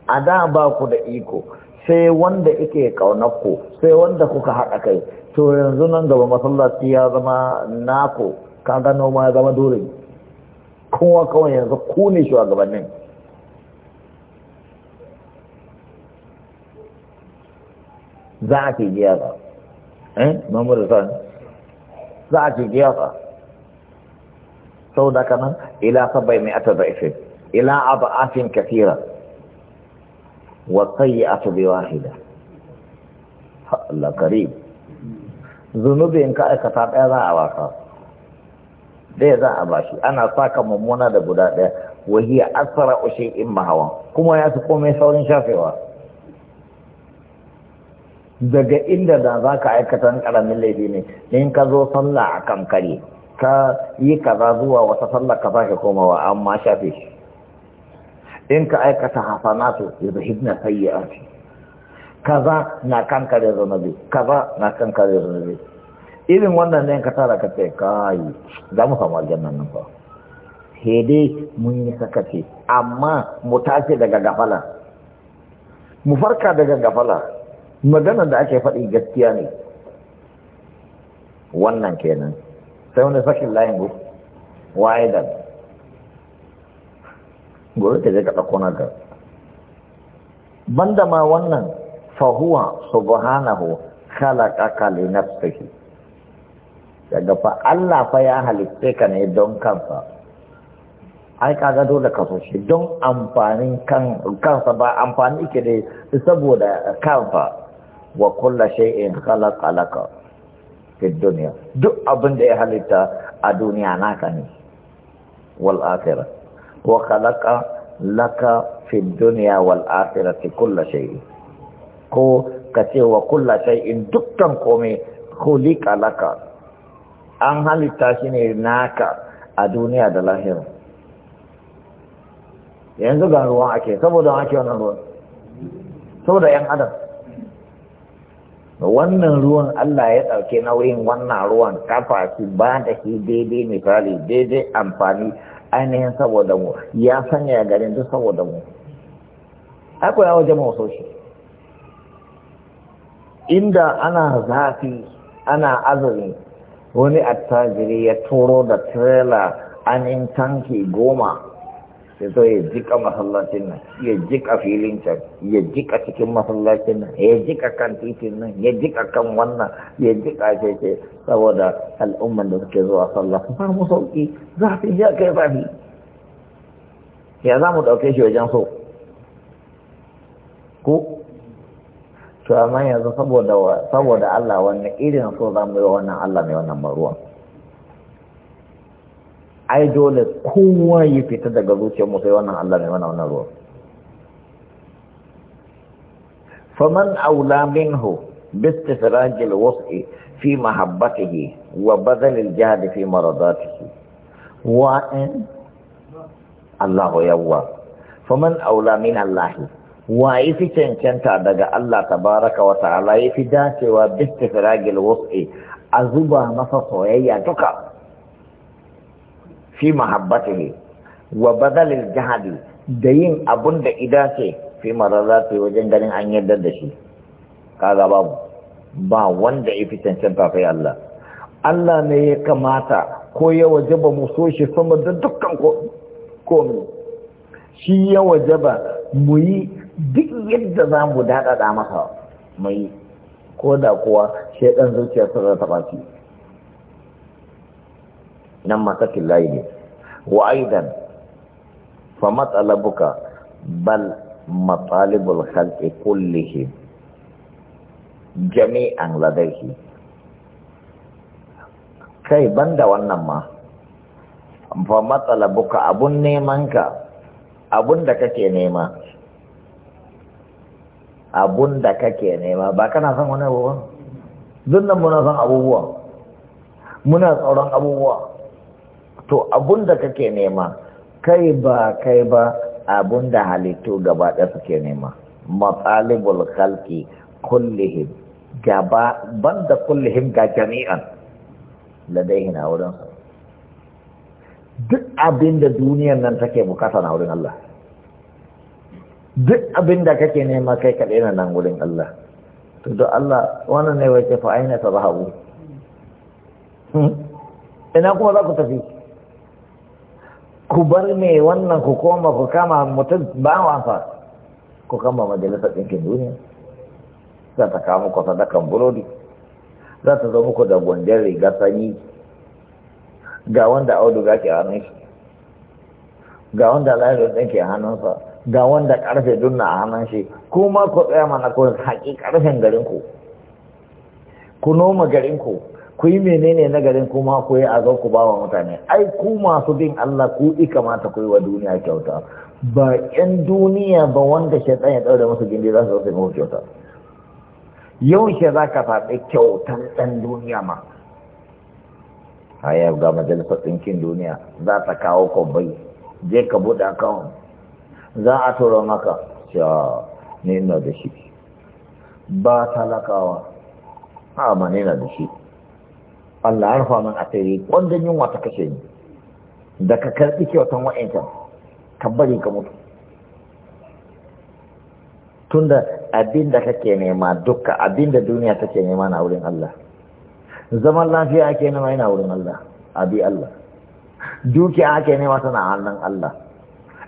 a da ba ku da iko sai wanda kaunar ku sai wanda kuka haɗa kai to yanzu nan gaba masallaci ya zama naku kaga ma ya zama dole kowa kawai yanzu ku ne shugabannin za a ke biya ba eh mamur za a ce kiyasa sau da kanan ila sabai mai ata zaifin ila abu afin kafira wa tsayi a su bewa hida Allah karib zunubin ka aikata ɗaya za a wasa ɗaya za a bashi ana saka mummuna da guda ɗaya wahiyar asara ushe in mahawan kuma ya fi komai saurin shafewa daga inda da za ka aikata karamin laifi ne in ka zo sallah a kan kare ka yi kaza zuwa wata sallah ka sake komawa amma shafe shi in ka aikata hasanatu ya zuhidna sayyi'ati kaza na kan kare kaza na kan kare irin wannan ne ka tara ka ce kai za mu samu aljannan nan fa sai mun yi sakace amma mu tashi daga gafala mu farka daga gafala magana da ake faɗi gaskiya ne wannan kenan sai wani fashin layin bu waye da gobe ta je ka ɗauko ga banda ma wannan fahuwa subhanahu khalaqa kali nafsihi daga fa Allah fa ya halitta ka ne don kansa ai ga dole ka so shi don amfanin kan kansa ba amfani ke da saboda kansa wa kulla shay'in khalaqa laka fi dunya duk abin da ya halitta a duniya naka ne wal akhirah wa khalaqa laka fi dunya wal akhirati kulla shay'in ko kace wa kulla shay'in dukkan komai khuliqa laka an halitta shi ne naka a duniya da lahira yanzu ga ruwan ake saboda ake wannan ruwan saboda yan adam wannan ruwan Allah ya ɗauke nauyin wannan ruwan kafa su ba da shi daidai misali daidai amfani ainihin saboda mu ya sanya garin duk saboda mu akwai a wajen mawaso shi inda ana zafi ana azumi wani attajiri ya turo da trailer ainihin tanki goma sai zo ya jika masallacin nan ya jika filin can ya jika cikin masallacin nan ya jika kan titin nan ya jika kan wannan ya jika ce ce saboda al'umman da suke zuwa sallah ba mu sauki zafi ya kai zafi ya za mu ɗauke shi wajen so ko to amma yanzu saboda Allah wannan irin so za mu yi wannan Allah mai wannan maruwan ai dole kowa yi fita daga zuciyar musai wannan Allah mai mana wannan ruwa. Faman aulamin hu, biski firajil wasu fi mahabbata yi wa bazalin jihadi fi marazar tuki. Wa’in? Allahu yawwa. Faman aulamin Allahi, wa yi fi cancanta daga Allah ta baraka wata Allah ya fi dacewa biski firajil wasu a zuba masa soyayya duka. fi mahabbatihi wa badalil jahadi da yin abun da ce fi marazati wajen ganin an yarda da shi kaga babu ba wanda ya fi cancan fa Allah Allah ne ya kamata ko ya wajaba mu so shi sama da dukkan komi shi ya wajaba mu yi duk yadda za mu daɗaɗa masa mu yi ko da kuwa shaidan zuciya ta zata nan matakin layi ne wa aidan fa matsalabuka bal matsalibul kulle kullihim jami'an ladaihi kai banda wannan ma fa matsalabuka abun neman ka abun da kake nema abun da kake nema ba kana son wani abubuwa zunan nan muna son abubuwa muna tsoron abubuwa to abun da kake nema kai ba kai ba abun da halittu gaba ɗaya suke nema matsalibul khalqi kullihim gaba banda kullihim ga jami'an ladaihi na wurin duk abin da duniyan nan take bukata na wurin Allah duk abin da kake nema kai kaɗai na nan wurin Allah to don Allah wannan ne wace fa aina ta zahabu hmm? ina kuma za ku tafi ku bar me wannan ku koma ku kama mutum ba wasa ku kama majalisar ɗinkin duniya za ta kawo muku sadakan burodi za ta zo muku da gwandar riga sanyi ga wanda auduga ke hannun shi ga wanda lahirin ɗin ke hannunsa ga wanda ƙarfe dunna a hannun shi kuma ku tsaya mana ku haƙi ƙarfen garinku ku noma garinku ku yi menene na garin kuma ku yi a zo ku ba wa mutane ai ku masu bin Allah ku i kamata ku yi wa duniya kyauta ba yan duniya ba wanda shaitan ya ɗaure masu gindi za su zo su yi kyauta yau shi za ka faɗi kyautan ɗan duniya ma A yau ga majalisar ɗinkin duniya za ta kawo kwabbai je ka buɗe akawun za a tura maka cewa ne na da shi ba talakawa a ma ne na da shi Allah ya man min asiri wannan yunwa ta kashe ni da ka karɓi kyautan wa'ancan ka bari ka mutu tunda abin da kake nema dukka abin da duniya take nema na wurin Allah zaman lafiya ake nema yana wurin Allah abi Allah dukiya ake nema tana hannun Allah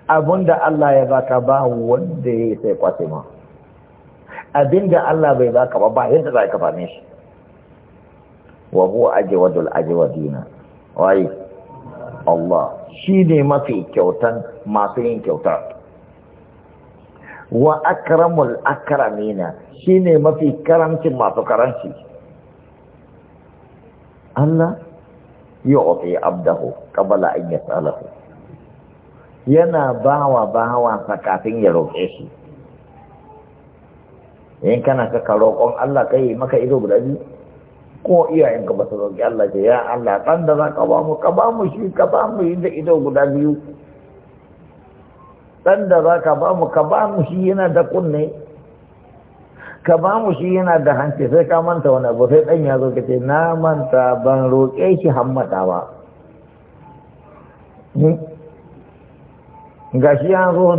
abin da Allah ya baka ba wanda ya sai kwace ma abin da Allah bai baka ba ba yadda za ka fame shi wa huwa ajwadul ajwadina wai Allah shi ne mafi kyautan masu yin kyauta wa akramul akramina shi ne mafi karamcin masu karanci Allah yu'ti abdahu in an yas'alahu yana bawa bawa kafin ya roƙe shi in kana ka roƙon Allah kai maka ido guda biyu ko iyayen ka ba su roƙi Allah ce ya Allah ɗan da za ka ba mu ka ba mu shi ka ba mu da ido guda biyu ɗan da za ka ba mu ka ba mu shi yana da kunne ka ba mu shi yana da hanci sai ka manta wani abu sai ɗan ya zo ka ce na manta ban roƙe shi hammata ba hmm? ga shi ya zo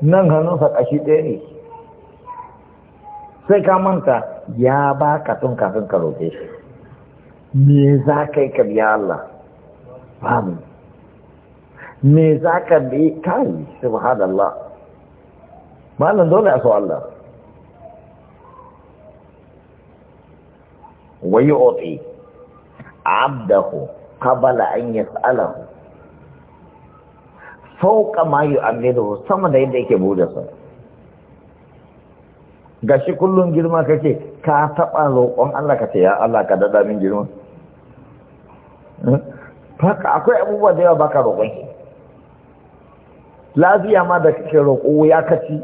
nan hannunsa ƙashi ɗaya ne sai ka manta ya ba ka tun kafin ka roƙe shi me za ka yi ka biya Allah mu, me za ka bi kai subhanallah malam dole a so Allah wayi oti abdahu qabala an yas'alahu fauka ma yu'amiluhu sama da yadda yake bude sa gashi kullun girma kace ka taba roƙon Allah kace ya Allah ka dada min girma haka akwai abubuwa da yawa baka roƙon shi lafiya ma da kake roƙo ya kaci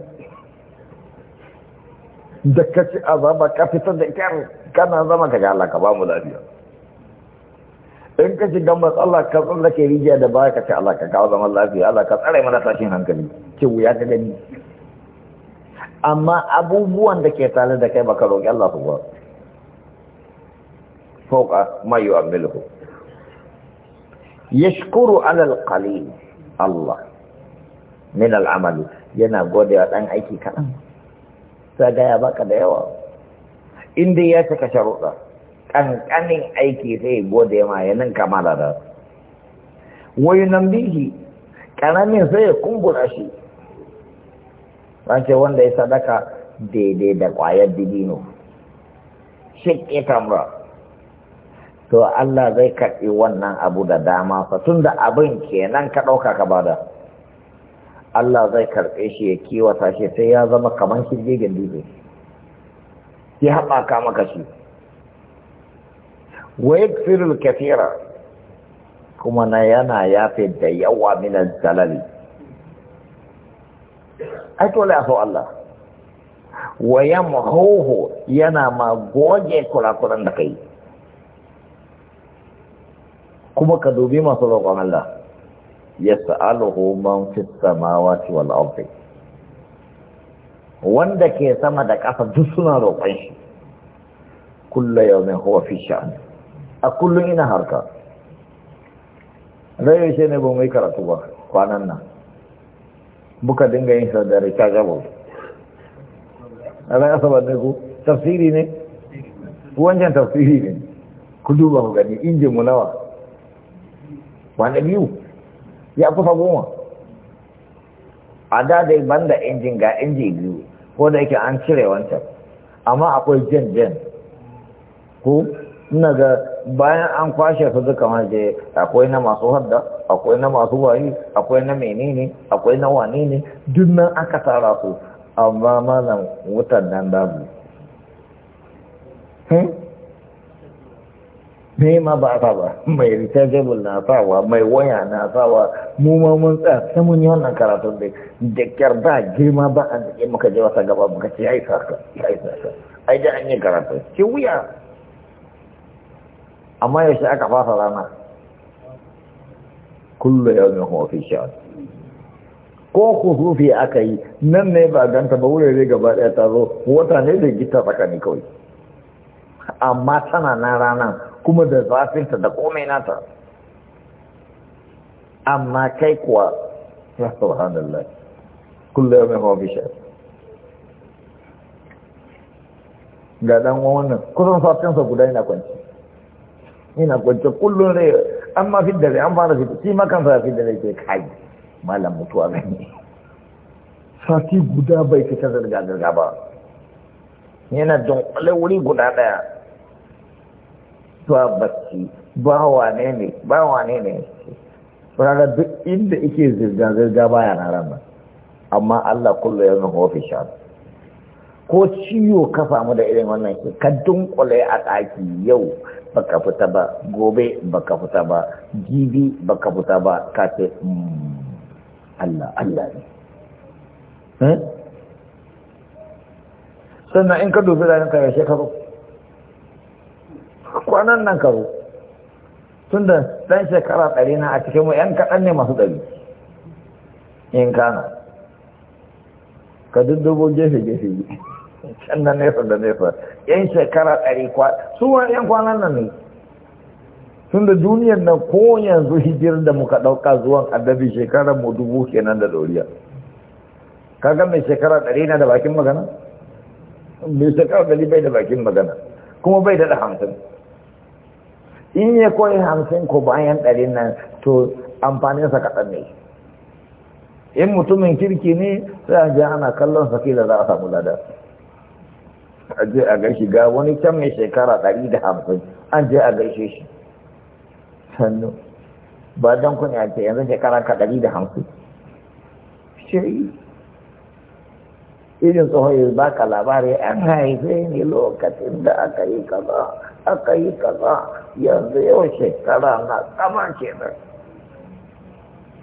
da kaci zama ka fitar da ita kana zama ka gala Allah ka ba mu lafiya in ka ci shiga matsala ka ke rijiya da baya ka ci Allah ka kawo zaman lafiya Allah ka tsare mana tashin hankali ce wuya ka gani amma abubuwan da ke tare da kai baka roƙi Allah su ba fauka ma yu'ammiluhu yashkuru alal qalil Allah min al'amali yana gode wa dan aiki kaɗan sai ga ya baka da yawa inda ya cika sharuɗa ƙanƙanin aiki sai gode ma ya nan da wayu nan bihi karamin sai ya kumbura shi ce wanda ya sadaka daidai da ƙwayar dibino shi kamra to Allah zai kaɗi wannan abu da dama fa tun da abin kenan ka ɗauka ka bada Allah zai karɓe shi ya kiwata shi sai ya zama kamar shirgegen dutse ya haɓaka maka shi wai yakfirul kafira kuma na yana yafe da yawa minan zalali ai to a so Allah wa yamhuhu yana ma goge kurakuran da kai kuma ka dubi masu roƙon Allah ya sa'aluhu man fista ma wal ardi wanda ke sama da ƙasa duk suna roƙon shi yau yawmin huwa fi sha'an a kullum ina harka yi shi ne ba mai karatu ba kwanan nan buka dinga yin sau da jabo. gabo ran asabar ne ku tafsiri ne wancan tafsiri ne ku duba ku gani injin mu nawa kwana biyu ya kusa goma a da ban banda injin ga inji biyu ko da yake an cire wancan amma akwai jan jan ko ina ga bayan an kwashe su duka maje akwai na masu hadda akwai na masu wayi akwai na menene akwai na wane ne duk nan aka tara su amma malam wutan nan babu hmm? ne ma ba a ba mai rechargeable na sawa mai waya na sawa mu ma mun tsaya sai mun yi wannan karatun dai da kyar ba girma ba a jikin muka je wata gaba muka ce yayi saka yayi ka. ai da an yi karatu ki wuya amma yaushe aka fasa rana kullu yawmin huwa fi sha'an ko kusufi aka yi nan ne ba ganta ba wurare gaba daya ta zo wata ne da gita tsakani kawai amma tana na ranar kuma da zafinta da komai nata amma kai kuwa ya subhanallah kullum ya mai hawa ga dan wannan kusan satinsa guda yana kwanci yana kwanci kullum rai an ma fidda rai an fara fidda shi makansa ya fidda rai ke kai malam mutuwa zan yi sati guda bai fita zirga-zirga ba yana dunkule wuri guda daya ba bacci ba wane ne ba wane ne ranar duk inda ike zirga-zirga baya na ranar amma Allah kulla yanzu hofi shan ko ciwo ka samu da irin wannan ke ka dunkule a ɗaki yau baka fita ba gobe baka fita ba jibi baka fita ba ka ce hmm, Allah Allah ne eh? sannan in ka dubi ka karshe ka kwanan nan karo tunda dan shekara ɗari na a cikin mu yan kaɗan ne masu ɗari in kana ka duddubo gefe gefe can na nefa da nefa yan shekara ɗari kwa su wa yan kwanan nan ne tun da duniyar nan ko yanzu hijirar da muka ɗauka zuwan addabi shekarar mu dubu kenan da ka kaga mai shekara ɗari na da bakin magana mai shekara ɗari bai da bakin magana kuma bai da da hamsin in ya koyi hamsin ko bayan ɗari nan to amfaninsa kaɗan ne in mutumin kirki ne sai a ji ana kallon sa kila za a samu lada a je a gaishe ga wani can mai shekara ɗari da hamsin an je a gaishe shi sannu ba don a ce yanzu shekara ka ɗari da hamsin shi irin tsohon ba baka labari an haife ne lokacin da aka yi kaza aka yi kaza yanzu yawan shekara na tsaman kenan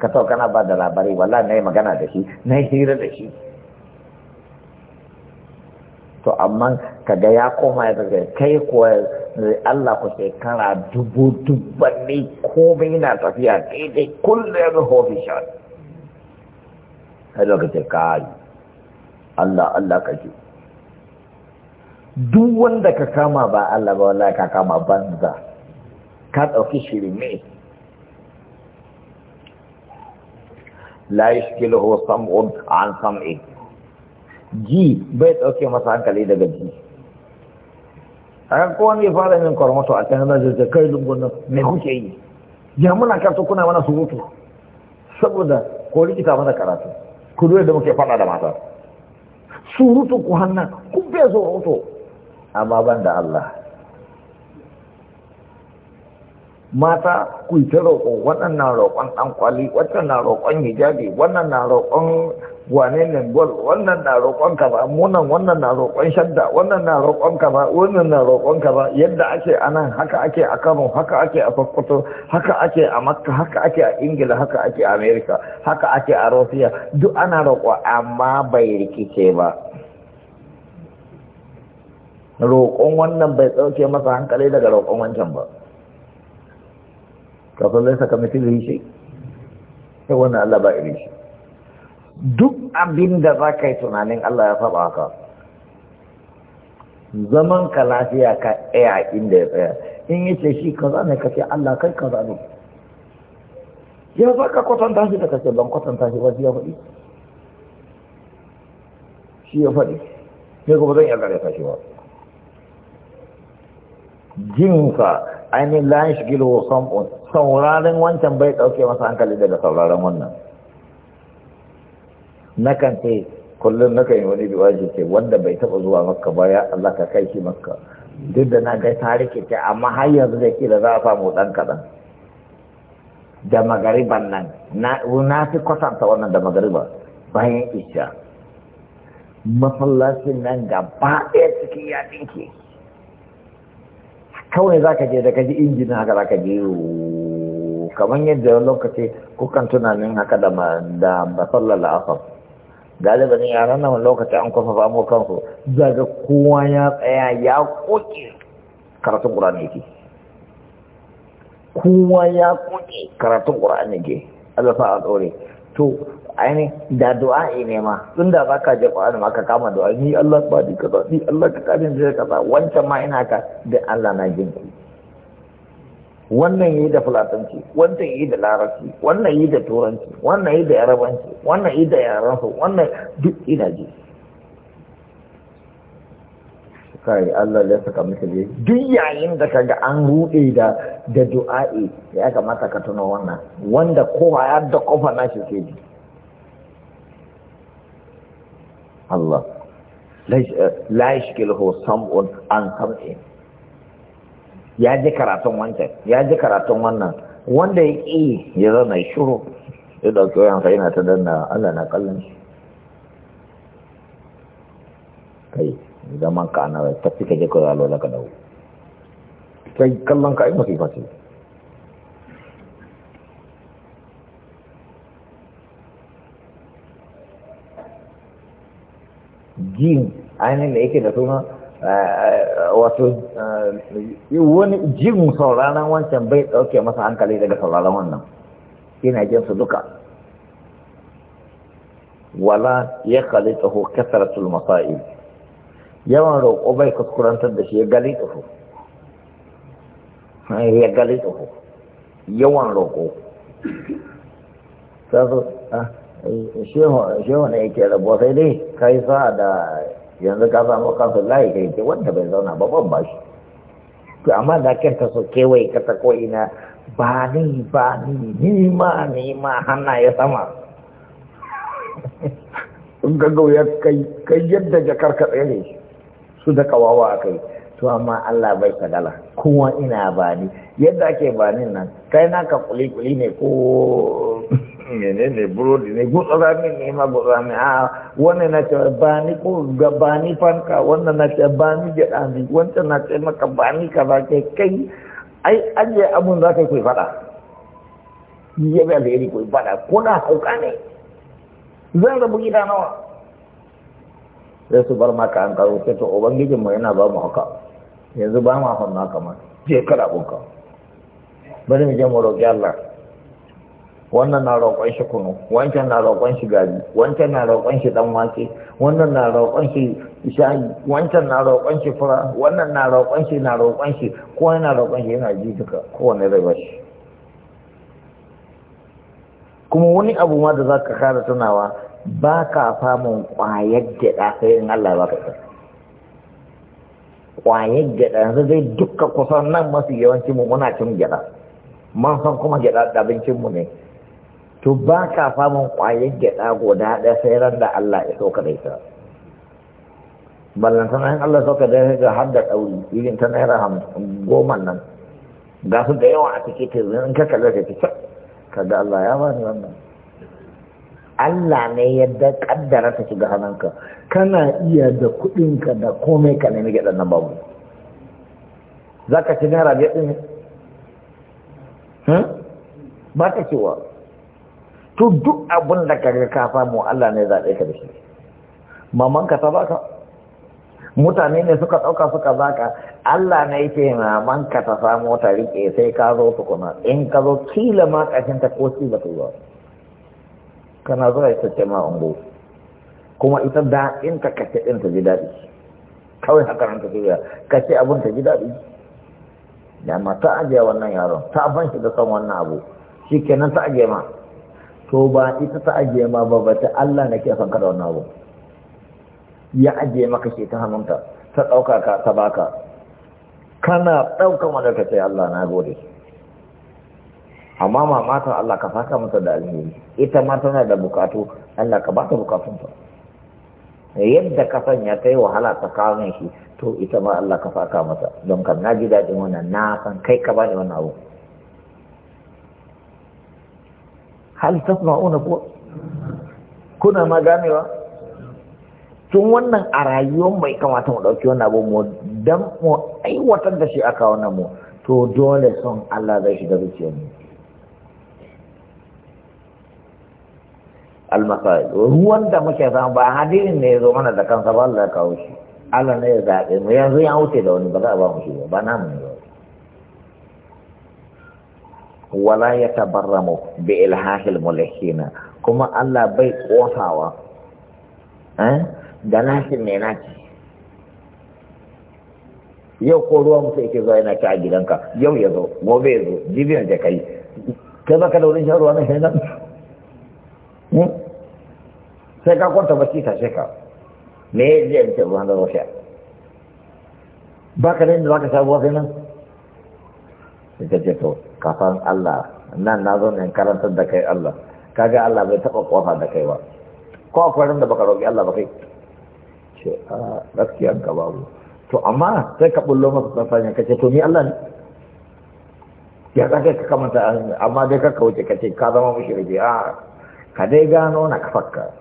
ka tau kana ba da labari wala na yi magana da shi na yi hira da shi to amma kaga ya koma ya zaga kai kuwa Allah ku shekara dubu dubban ne komai na tafiya daidai kullum ya zo hofi shan sai lokacin kayi Allah Allah ka ji duk wanda ka kama ba Allah ba wallahi ka kama banza ka ɗauki shirme la yashkiluhu sam'un an sam'i ji bai ɗauke masa hankali daga ji a kan kowa ne fara yin kwarmato a can jirgin kai lungun nan me kuke yi ya muna karatu kuna mana surutu saboda ko likita mana karatu ku yadda da muke faɗa da mata surutu ku hannun ku bai hoto. amma ban da Allah mata ku ta roƙo wannan na roƙon ɗan kwali wannan na roƙon hijabi wannan na roƙon wane ne gol wannan na roƙon kaza munan wannan na roƙon shadda wannan na roƙon kaza wannan na roƙon kaza yadda ake a nan haka ake a Kano haka ake a Sokoto haka ake a Makka haka ake a Ingila haka ake a America haka ake a Russia duk ana roƙo amma bai rikice ba roƙon wannan bai ɗauke masa hankali daga roƙon wancan ba kafin zai saka mutum shi sai wannan Allah ba iri shi duk abin da za ka yi tunanin Allah ya faɓa ka zaman ka lafiya ka ɗaya inda ya tsaya in yi ce shi ka zane ka ce Allah kai ka zane. ya za ka kwatanta shi da ka ce ban kwatanta shi ba shi ya faɗi shi ya faɗi ne kuma zan iya gare ta shi ba jinsa ainihin layan shi gilo sam'un sauraron wancan bai ɗauke masa hankali daga sauraron wannan na kan ce kullum na yi wani biwaji ce wanda bai taɓa zuwa makka ba ya Allah ka kai shi makka duk da na ga tarihi ce amma har yanzu da kila za a samu ɗan kaɗan da magariban nan na fi kwatanta wannan da magariba bayan isha masallacin nan gaba ɗaya cikin ya kawai za ka je da ka ji injinin haka za ka je kamar yadda lokaci kukan tunanin haka da masallar la'asar galibin yaran nan lokaci an kwafa famo kansu zaga kowa ya tsaya ya koke karatun ne ke. kowa ya koke karatun ƙura'an ne ke. a ɗore to aini da du'a'i ne ma tun da ba ka je ƙwarar ma ka kama du'a ni Allah ba ni kaza ni Allah ka kare ni zai kaza wancan ma ina ka da Allah na jin ku. wannan yi da fulatanci wannan yi da larabci wannan yi da turanci wannan yi da yarabanci wannan yi da yaransu wannan duk ina ji kai Allah ya saka miki je duk yayin da kaga an rude da da du'a'i ya kamata ka tuno wannan wanda kowa ya da kofa nashi ke ji الله ليس لا يشكله صم عن صمعه يا ذكر اتون وانت يا ذكر اتون وانا وان ده إيه؟ يقي يضا ما يشوره يضا كوي عن خينا الله ألا نقلن كي طيب. إذا ما كان تبتك جكو ذالو لك دو كي طيب. كلا كي ما كي فاسي jini ainihin da yake da suna eh, wato eh, wani jin sauraron wancan bai dauke masa hankali daga sauraron wannan yana jin su duka wala ya kalita tsoho kasaratul masa'il yawan roƙo bai kuskurantar da shi ya gali tsoho ya gali tsoho yawan roƙo sai ah, shehu ne yake rabuwa sai dai kai sa da yanzu ka samu kansu layi kai ce wanda bai zauna ba ban bashi to amma da ta so kewaye ka ta ko'ina ba ni ba ni ni ma ni ma hana ya sama in ga ya kai yadda jakar ka tsere su da kawawa a kai to amma Allah bai sagala kowa ina ba ni yadda ake ba ni nan kai naka kuli kuli ne ko menene burodi ne gutsura min ne ma gutsura min a ah, wani na ce bani ni ko ga ba fanka wannan na ce bani ni gyaɗa wancan na ce maka ba ka ba kai kai ai ajiye abun za ka kai faɗa ya bi alheri ko faɗa ko na hauka ne zan rabu gida nawa sai su bar maka an karo sai to ubangijinmu yana ba mu haka yanzu ba mu na kamar je kada ka bari mu je mu roƙi Allah wannan na roƙon shi kunu wancan na roƙon shi gari wancan na roƙon shi dan wake wannan na roƙon shi shayi wancan na roƙon shi fura wannan na roƙon shi na roƙon shi ko na roƙon shi yana ji duka kowane zai bashi kuma wani abu ma da za ka kara tunawa ba ka famun ƙwayar gyaɗa sai in Allah ba ka san ƙwayar gyaɗa yanzu zai duka kusan nan masu yawancin mu muna cin gyaɗa man san kuma gyaɗa abincinmu ne to ba ka samun ƙwayar gyaɗa guda ɗaya sai ran da Allah ya sauka da ita Ballantana tana yin Allah sauka da ita har da ɗauri irin ta naira goma nan ga su da yawa a cikin tezu, in ka kalla ka ga Allah ya bani wannan Allah ne yadda kaddara ta shiga hannunka kana iya da kuɗinka da komai ka nemi gyaɗa na babu za ka ci naira biyar ɗin hmm? ba ta cewa to duk abin da kaga ka samu Allah ne zaɓe ka da shi maman ka ta baka mutane ne suka ɗauka suka baka Allah ne yake maman ka ta samu ta rike sai ka zo tukuna in ka zo kila ma ƙashin ta ko ci ba ta zuwa kana zuwa ita ce ma ungo kuma ita da in ka kace din ta ji daɗi kawai haka nan ta ce kace abin ta ji daɗi da ma ta ajiye wannan yaron ta ban shi da son wannan abu kenan ta ajiye ma to ba ita ta ajiye ma ba ba ta Allah na ke son ka da wannan abu ya ajiye maka shi ta hannunta ta ɗauka ka ta baka kana ɗaukan mana ka ce Allah na gode amma mamatan Allah ka saka mata da alheri ita ma tana da bukatu Allah ka ba ta bukatunta yadda ka sanya ta yi wahala tsakanin shi to ita ma Allah ka saka mata don kan na ji daɗin wannan na san kai ka bani wannan abu hal tasma'una ko kuna ma ganewa tun wannan a rayuwar mai kamata mu dauki wannan abu mu dan mu aiwatar da shi aka wannan mu to dole son Allah zai shiga zuciyar mu almasai ruwan da muke samu ba hadirin ne ya zo mana da kansa ba Allah ya kawo shi Allah ne ya zaɓe mu yanzu ya wuce da wani ba za a ba mu shi ba ba namu ne wala ya tabarramu bi ilhahil mulhina kuma Allah bai kosawa eh, da nashin ne naci yau ko ruwan mutum yake zuwa yana ci a gidanka yau ya zo gobe ya zo jibiyar da kai kai baka da wurin shan na shaidan hmm? sai ka kwanta ba ta sai ka me ya je mutum ruwan da zo ba ka da inda za ka sabuwa sai nan suka ce to kafan Allah nan na zo ne karanta da kai Allah kaga Allah bai taba kofa da kai ba ko akwai da baka roki Allah ba kai ce a gaskiya ka babu to amma sai ka bullo masa tsafanya kace to ni Allah ne ya kai ka kamata amma dai ka kauce kace ka zama mushriki a ka dai gano na kafaka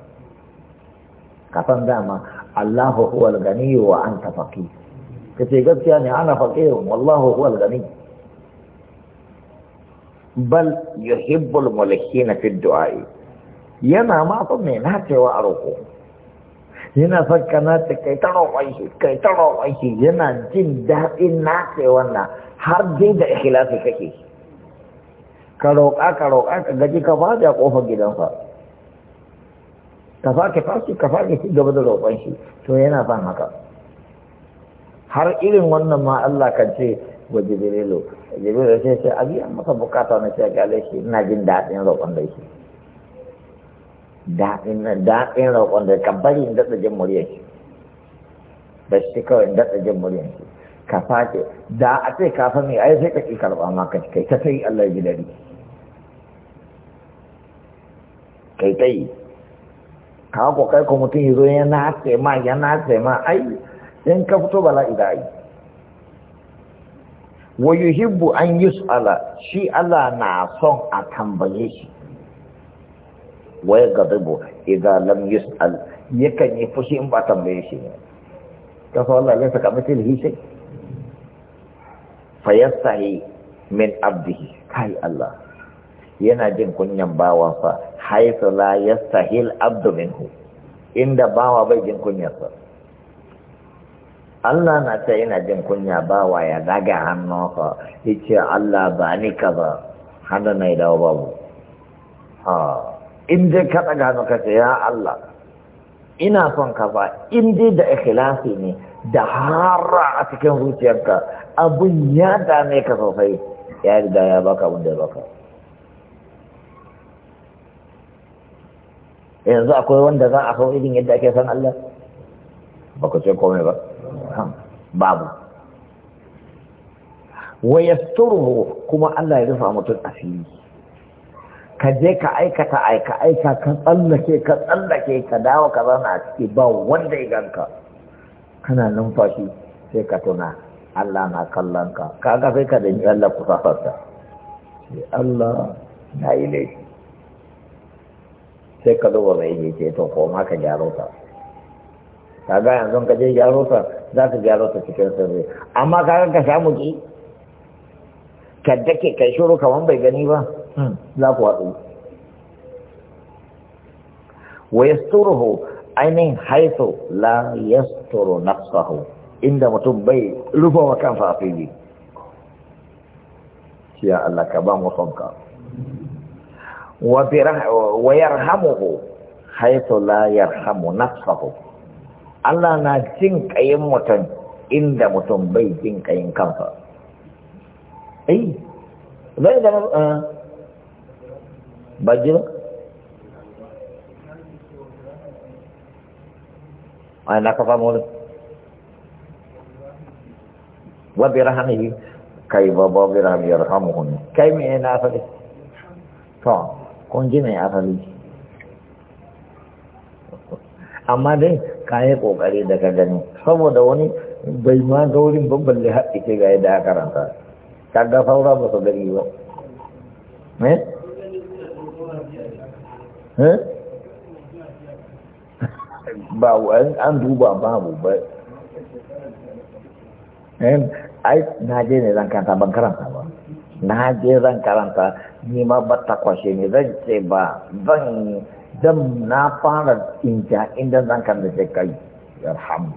kafan dama Allahu huwal gani wa anta faqir kace gaskiya ne ana faqir wallahu huwal gani bal yuhibbul mulhina fi du'a'i yana ma son mai nacewa a roko. yana son ka nace kai ta roƙon shi kai ta roƙon shi yana jin daɗin nace wannan har dai da ikhlasi kake ka roƙa ka roƙa ka gaji ka ba da ƙofar gidansa ka fake fashi ka fake shi gaba da roƙon shi to yana son haka har irin wannan ma Allah kan ce wa jibrilu jibrilu sai sai abi an maka bukata na sai ga shi ina jin daɗin roƙon da shi daɗin daɗin roƙon da ka bari in daɗa jin muryar shi ba shi kawai in daɗa jin muryar shi ka fake da a ce ka fa me ai sai ka ƙi karɓa ma ka kai ta sai Allah ya ji dari kai kai ka ko kai ko mutum ya zo yana ce ma yana ce ma ai in ka fito bala'i da ai wa yuhibbu an yus'ala shi Allah na son a tambaye shi wa ya gadibu idan lam yus'al yakan yi fushi in ba tambaye shi ne ta so Allah laysa kamithlihi shay fayastahi min abdihi kai Allah yana jin kunyan fa haythu la yastahil abdu minhu inda bawa bai jin kunyar sa Allah na ta ina jin kunya ba wa ya daga hannunsa ya ce Allah ba ni ka ba hannun na dawo babu in dai ka daga hannu ka ce ya Allah ina son ka ba in dai da ikhlasi ne da hara a cikin zuciyarka abun ya dame ka sosai ya riga ya baka abin da ya baka yanzu akwai wanda za a san irin yadda ake san Allah ba ku ce komai ba babu wa kuma Allah ya rufa mutum asiri ka je ka aikata aika aika ka tsallake ka tsallake ka dawo ka zauna a ciki ba wanda ya ganka kana numfashi sai ka tuna Allah na kallon ka kaga sai ka danyi Allah kusa sassa sai Allah na yi laifi sai ka zo ba mai ce to koma ka gyaro ta kaga yanzu ka je gyaro ta za ka gyaro ta cikin sirri amma kaga ka samu ki ka dake kai shiru kaman bai gani ba hmm, za ku haɗu? wa yasturuhu ainihin haitu la yasturu nafsahu inda mutum bai rufe wa kansa a fili ya Allah ka ba mu sonka wa yarhamuhu haitu la yarhamu nafsahu Allah na jin kayin mutum inda mutum bai jin kayin kansa ai bai da ba ji ba a na kafa mulu. Wabi rahamihi kai ba ba bi rahamihi ya yarhamuhu kai mai na asali? to kun ji mai asali amma dai ka yi ƙoƙari daga gani saboda wani bai ma ga wurin babban lihaɗi ce ga yadda aka karanta ka ga saura ba su gari ba ne? ba an duba babu ba ai na je ne zan karanta ban karanta ba na je zan karanta ni ma ba takwashe ne zan ce ba zan dan na fara inja inda zan kan da sai kai yarhamu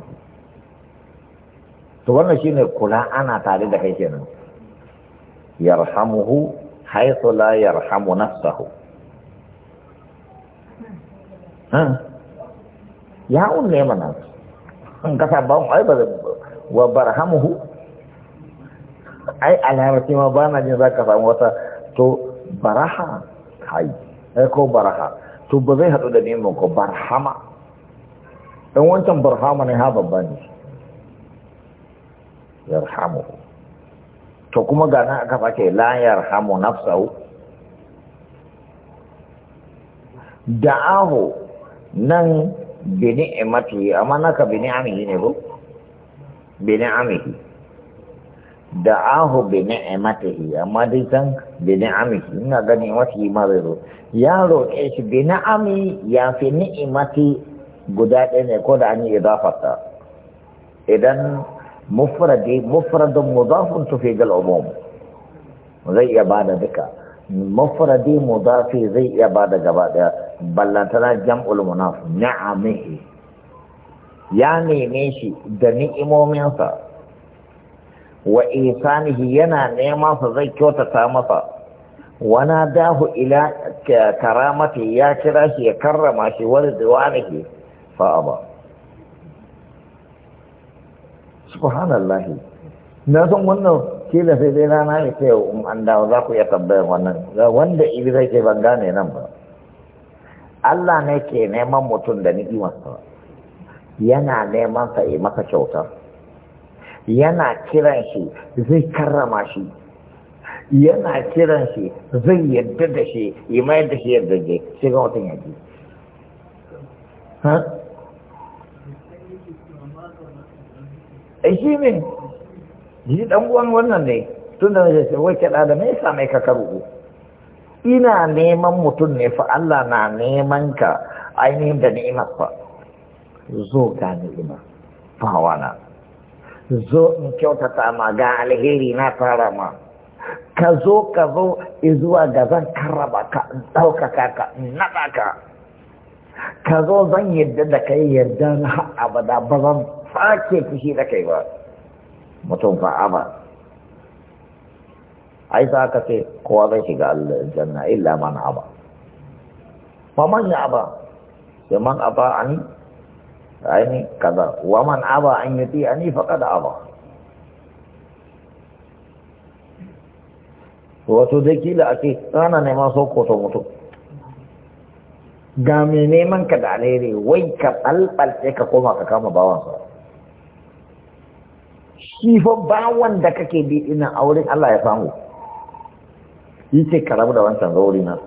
to wannan shine kula ana tare da kai kenan yarhamuhu haythu la yarhamu nafsahu ha ya unne mana an kasa ba mu ai ba wa barhamuhu ai alarati ma bana jin zaka samu wata to baraha kai ko baraha to ba zai haɗu da neman ku barhama ɗan wancan barhama ne ha babba ne yarhamu to kuma ga nan aka fake la yarhamu nafsahu da'ahu nan bi ni'mati amma naka bi ni'amihi ne ko bi ni'amihi da ahu bi ni'matihi amma dai san bi ni'amihi ina gani wasi ma zai zo ya roƙe shi bi ni'ami ya fi ni'imati guda ɗaya ne ko da an yi idafarta idan mufradi mufradun mudafun tufi gal umum zai iya bada duka mufradi mudafi zai iya bada gaba ɗaya ballantana jam'ul munaf ni'amihi ya neme shi da ni'imominsa wa ihsanihi yana nema sa zai kyautata masa wana dahu ila karamati ya kira shi ya karrama shi wa ridwanihi ke fa'aba. subhanallah na san wannan kila sai dai rana ya ce in um, an dawo za ku iya tambayar wannan ga wanda ibi zai ke ban gane nan ba Allah ne ke neman mutum da ni'imarsa yana neman sa yi masa kyautar yana kiran shi zai karrama shi yana kiran shi zai yadda da shi yi mai da shi yadda je shi ga mutum ya ha? Eh, shi ne ji dan uwan wannan ne tun da nake ce wai kada da me yasa mai ka karu ina neman mutum ne fa Allah na neman ka ainihin da ni'imar fa zo ga ni'ima fa wana zo in kyautata ma ga alheri na fara ma ka zo ka zo zuwa ga zan karraba ka in ɗaukaka ka in naɗa ka ka zo zan yarda da kai yarda na abada ba zan sake fushi da kai ba mutum fa Aba. ai za ka ce kowa zai shiga aljanna illa man aba man aba sai man aba ani aini ah, kata wa aba anyuti ani faqad aba wato dai kila ake rana neman sokoto mutu. ga me neman ka da alheri wai ka sai ka koma ka kama sa shi fa bawan da kake bi ina auren Allah ya samu yace ka rabu da wancan zauri na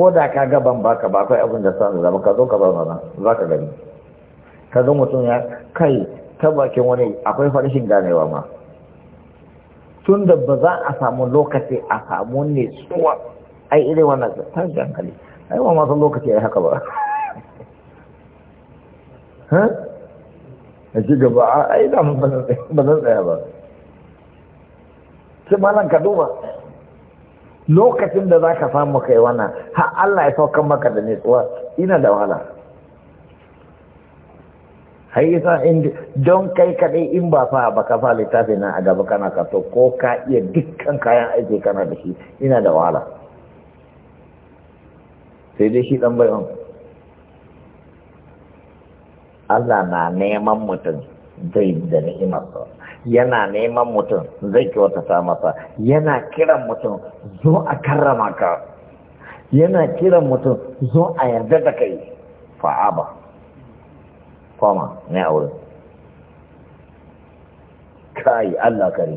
ko da ka gaban baka ba kai abin da san zama ka zo ka zauna nan za ka gani ka zo mutum ya kai ta bakin wani akwai farshin ganewa ma tun da ba za a samu lokaci a samu ne tsuwa ai irin wannan ta hankali ai ma masu lokaci yi haka ba a ci gaba a ai da ba zan tsaya ba sai malam ka duba lokacin da za ka samu kai wannan ha Allah ya saukan maka da nutsuwa ina da wahala hayyasa in don kai kadai in ba fa ba ka fa littafi na a gaba kana kato ko ka iya dukkan kayan aiki kana da shi ina da wahala sai dai shi dan bayan Allah na neman mutum zai da ni'imarsa yana neman mutum zai kyautata masa yana kiran mutum zo a karrama ka yana kiran mutum zo a yarda da kai fa'aba koma ne a wurin kai Allah kare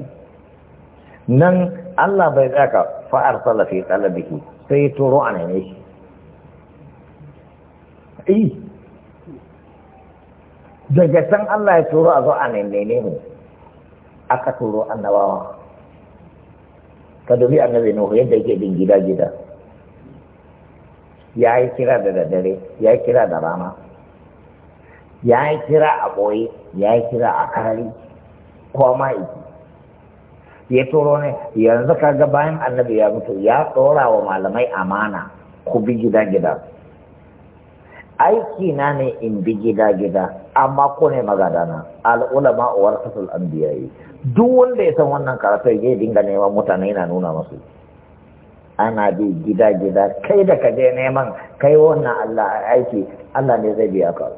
nan Allah bai tsaka fa'ar salafi talabiki sai turo a neme shi daga can Allah ya turo a zo a neme ne aka turo annabawa ka dubi annabi nuhu yadda yake bin gida gida ya yi kira da daddare ya yi kira da rana ya yi kira a ɓoye ya yi kira a karari ko ma ya turo ne yanzu kaga bayan annabi ya mutu ya ɗora wa malamai amana ku bi gida gida aiki na ne in bi gida-gida amma ko ne magadana al'ulama a kasul an biyayi duk wanda ya san wannan karatu ya dinga neman mutane yana nuna masu ana bi gida-gida kai da ka je neman kai wannan allah aiki allah ne zai biya ka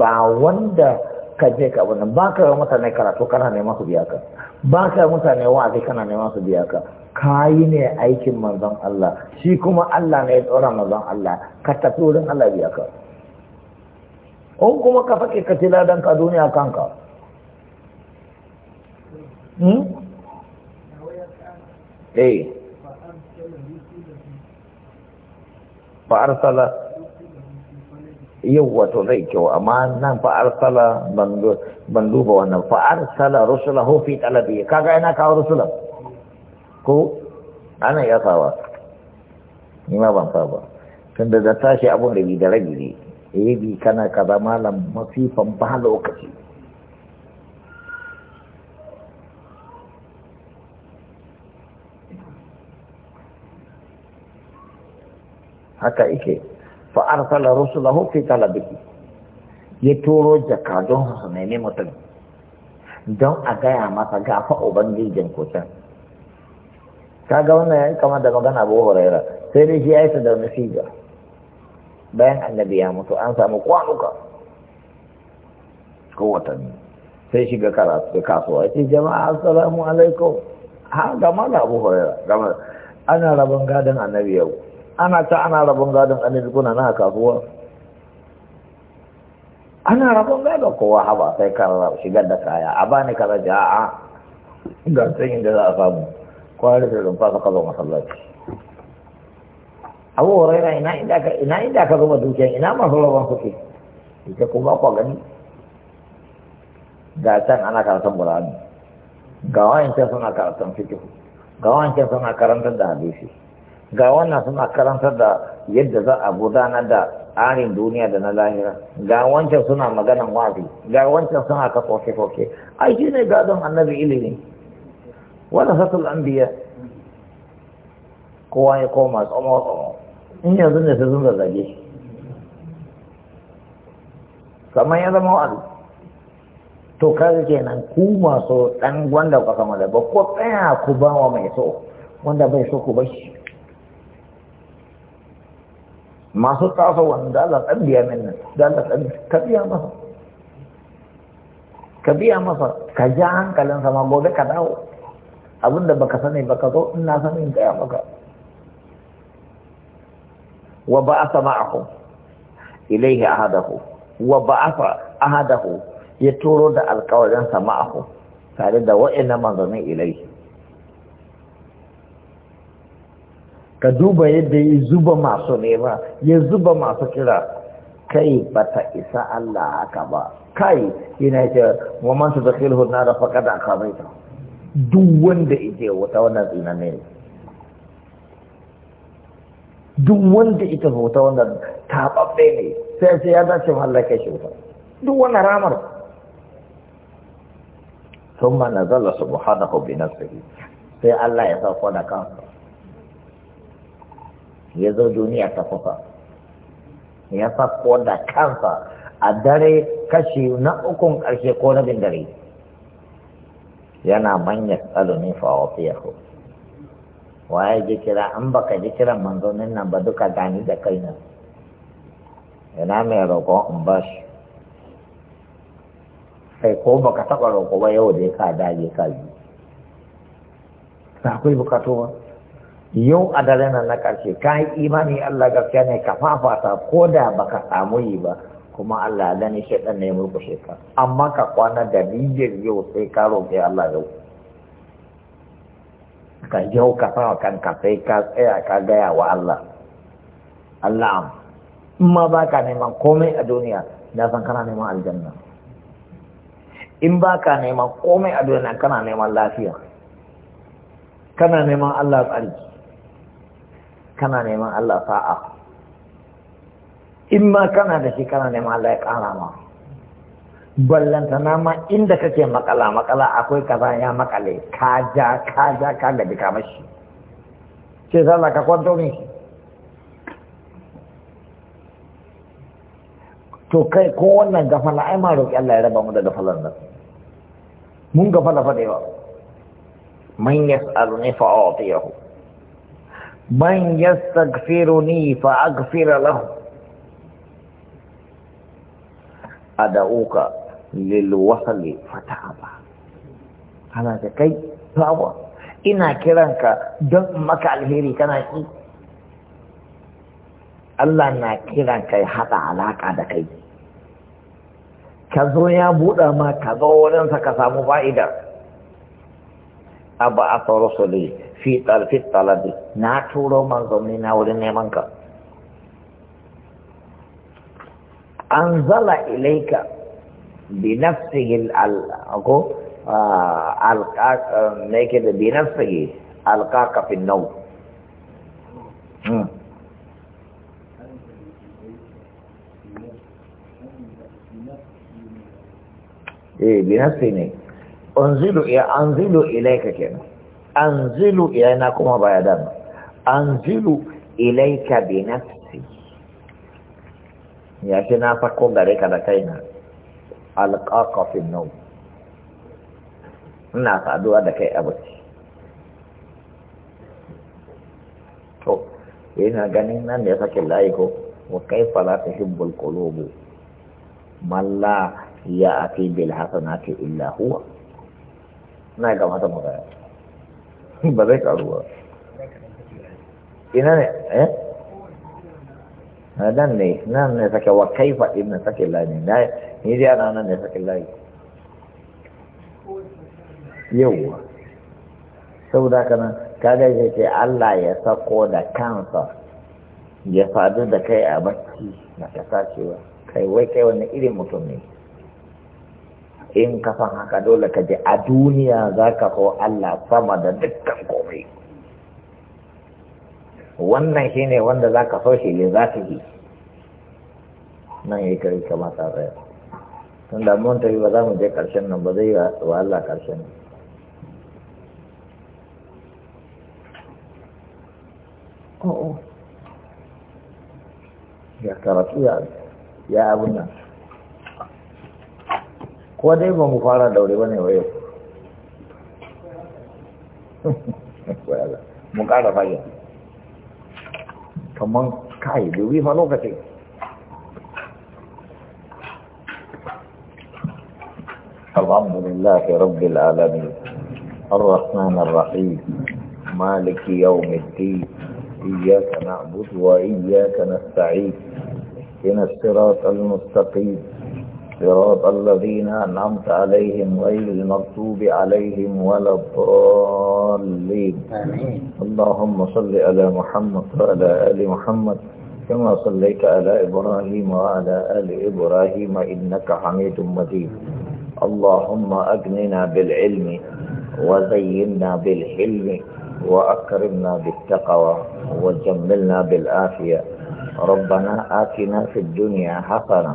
ba wanda ka je ka abin ba ka yi mutane karatu kana neman su biya ka ba ka yi mutane wa'azi kana neman su biya ka ka yi ne aikin manzon Allah shi kuma Allah ne ya tsora manzon Allah ka tafi wurin Allah biya ka in kuma ka fake ka ci ladan ka duniya kanka hmm? eh fa yau wato zai kyau amma nan fa arsala ban duba wannan fa arsala rusulahu fi talabi kaga ina kawo rusulan ko ana ya sawa ni ma ban ba tunda da tashi abun bi da rabi ne eh bi kana kaza malam masifan ba lokaci haka ike fa arsala rusulahu fi talabihi ya turo jakadun su nemi mutum don a gaya masa gafa ubangijin kucin kaga wannan ya yi kama da magana abu huraira sai dai shi ya yi su da nasiga bayan annabi ya mutu an samu kwanuka ko watanni sai shiga karatu kasuwa ce jama'a assalamu alaikum ha gama da abu huraira gama ana rabon gadon annabi yau ana ta ana rabon gadon anizguna na kasuwa ana rabon gado kowa haba sai kara shigar da kaya a bani kaza ja'a ga sanyin da za a samu kwari da rumfa ka kazo masallaci abu horaira ina inda ka zuba dukiyar ina masu rabon kuke ita kuma kwa gani ga can ana karatun burani ga wayancan suna karatun fikihu ga wayancan suna karantar da hadisi ga wannan suna karantar da yadda za a gudanar da tsarin duniya da na lahira ga wancan suna maganan wazi ga wancan suna ka koke-koke ai shi ne gadon annabi ilimi Wannan satul an biya kowa ya koma tsomo-tsomo in yanzu ne su sun zage kamar ya zama wa'azi to kaga kenan ku masu dan gwanda kwa sama da ba ko tsaya ku ba wa mai so wanda bai so ku bashi masu taso wani da Allah ɗan biya min nan da Allah ɗan biya masa ka biya masa ka ja hankalin sama gobe ka dawo abinda baka sani baka zo ina sanin gaya maka wa ba'atha ma'ahu a ahadahu wa ba'atha ahadahu ya turo da alkawarin sama ma'ahu tare da wa'ina manzannin ilaihi ka duba yadda ya zuba masu nema ya zuba masu kira kai ba ta isa Allah haka ba kai yana ce da man da aka mai ta duk wanda yake wata wannan zina ne duk wanda ita wata wannan tababbe ne sai sai ya dace mallaka shi wata duk wannan ramar thumma nazala subhanahu bi nafsihi sai Allah ya sauko da kansa ya zo duniya ta kufa ya sako da kansa a dare kashi na ukun ƙarshe ko na dare yana manya tsalumin fawafiyahu waye ji an baka ji kiran manzonin nan ba duka gani da kai nan yana mai roƙon in ba shi sai ko baka taɓa roƙo ba yau da ya ka dage ka yi akwai bukatu ba yau a dare nan na ƙarshe ka yi imani Allah gaskiya ne ka fafata ko da baka samu yi ba kuma Allah ya gani shaidan ne ya murkushe ka amma ka kwana da bijir yau sai ka roƙe Allah yau ka yau ka sa kanka sai ka tsaya ka gaya wa Allah Allah am in ma ba ka neman komai a duniya na san kana neman aljanna in ba ka neman komai a duniya kana neman lafiya kana neman Allah tsarki kana neman Allah sa'a in ma kana da shi kana neman Allah ya ƙara ma ballanta na ma inda kake makala makala akwai kaza ya makale ka ja ka ja ka bi ka mashi ce sallah ka kwanto min shi to kai ko wannan gafala ai ma roƙi Allah ya raba mu da gafalar nan mun gafala fa da yawa man yas'alu ni fa'atiyahu man yastaghfiruni fa aghfira lahu ad'uka lil wahli fata'aba ana ta kai bawa ina kiranka don maka alheri kana ki Allah na kiranka ya haɗa alaƙa da kai ka zo ya buɗa ma ka zo wurinsa ka samu fa'idar abu a tsoro su ne fi ɗalfi na turo manzo ne na wurin neman ka an zala ilaika binafsihil alko na yake da anzilu ya anzilu ilaika kenan anzilu na kuma baya dan anzilu ilaika bi nafsi ya ce na farko gare ka da kaina alqaqa fi nawm ina faduwa da kai a to ina ganin nan ne sake layi ko wa kaifa la tuhibbul qulubu malla ya'ti bil hasanati illa huwa na ga mata magana ba zai karu ba ina ne eh nan ne nan ne sake wa kaifa din na sake lani na ni dai ana nan ne sake lani yawwa saboda kana kaga ya Allah ya sako da kansa ya fadu da kai a bacci na kasacewa kai wai kai wani irin mutum ne in ka san haka dole ka je a duniya za ka ko Allah sama da dukkan komai wannan shi ne wanda za ka so shi ne za ta yi nan yi kari kama ta tsaya tun da mun tafi ba za mu je ƙarshen nan ba zai yi wa Allah ƙarshen nan oh, oh. ya karatu ya abin nan ko dai ba mu fara daure ba ne wa yau mu ƙara fayya kamar kai dubi fa lokaci الحمد لله رب العالمين الرحمن الرحيم مالك يوم الدين إياك نعبد وإياك نستعين إن الصراط المستقيم صراط الذين أنعمت عليهم غير المغضوب عليهم ولا الضالين اللهم صل على محمد وعلى آل محمد كما صليت على إبراهيم وعلى آل إبراهيم إنك حميد مجيد اللهم أجننا بالعلم وزينا بالحلم وأكرمنا بالتقوى وجملنا بالآفية ربنا آتنا في الدنيا حسنة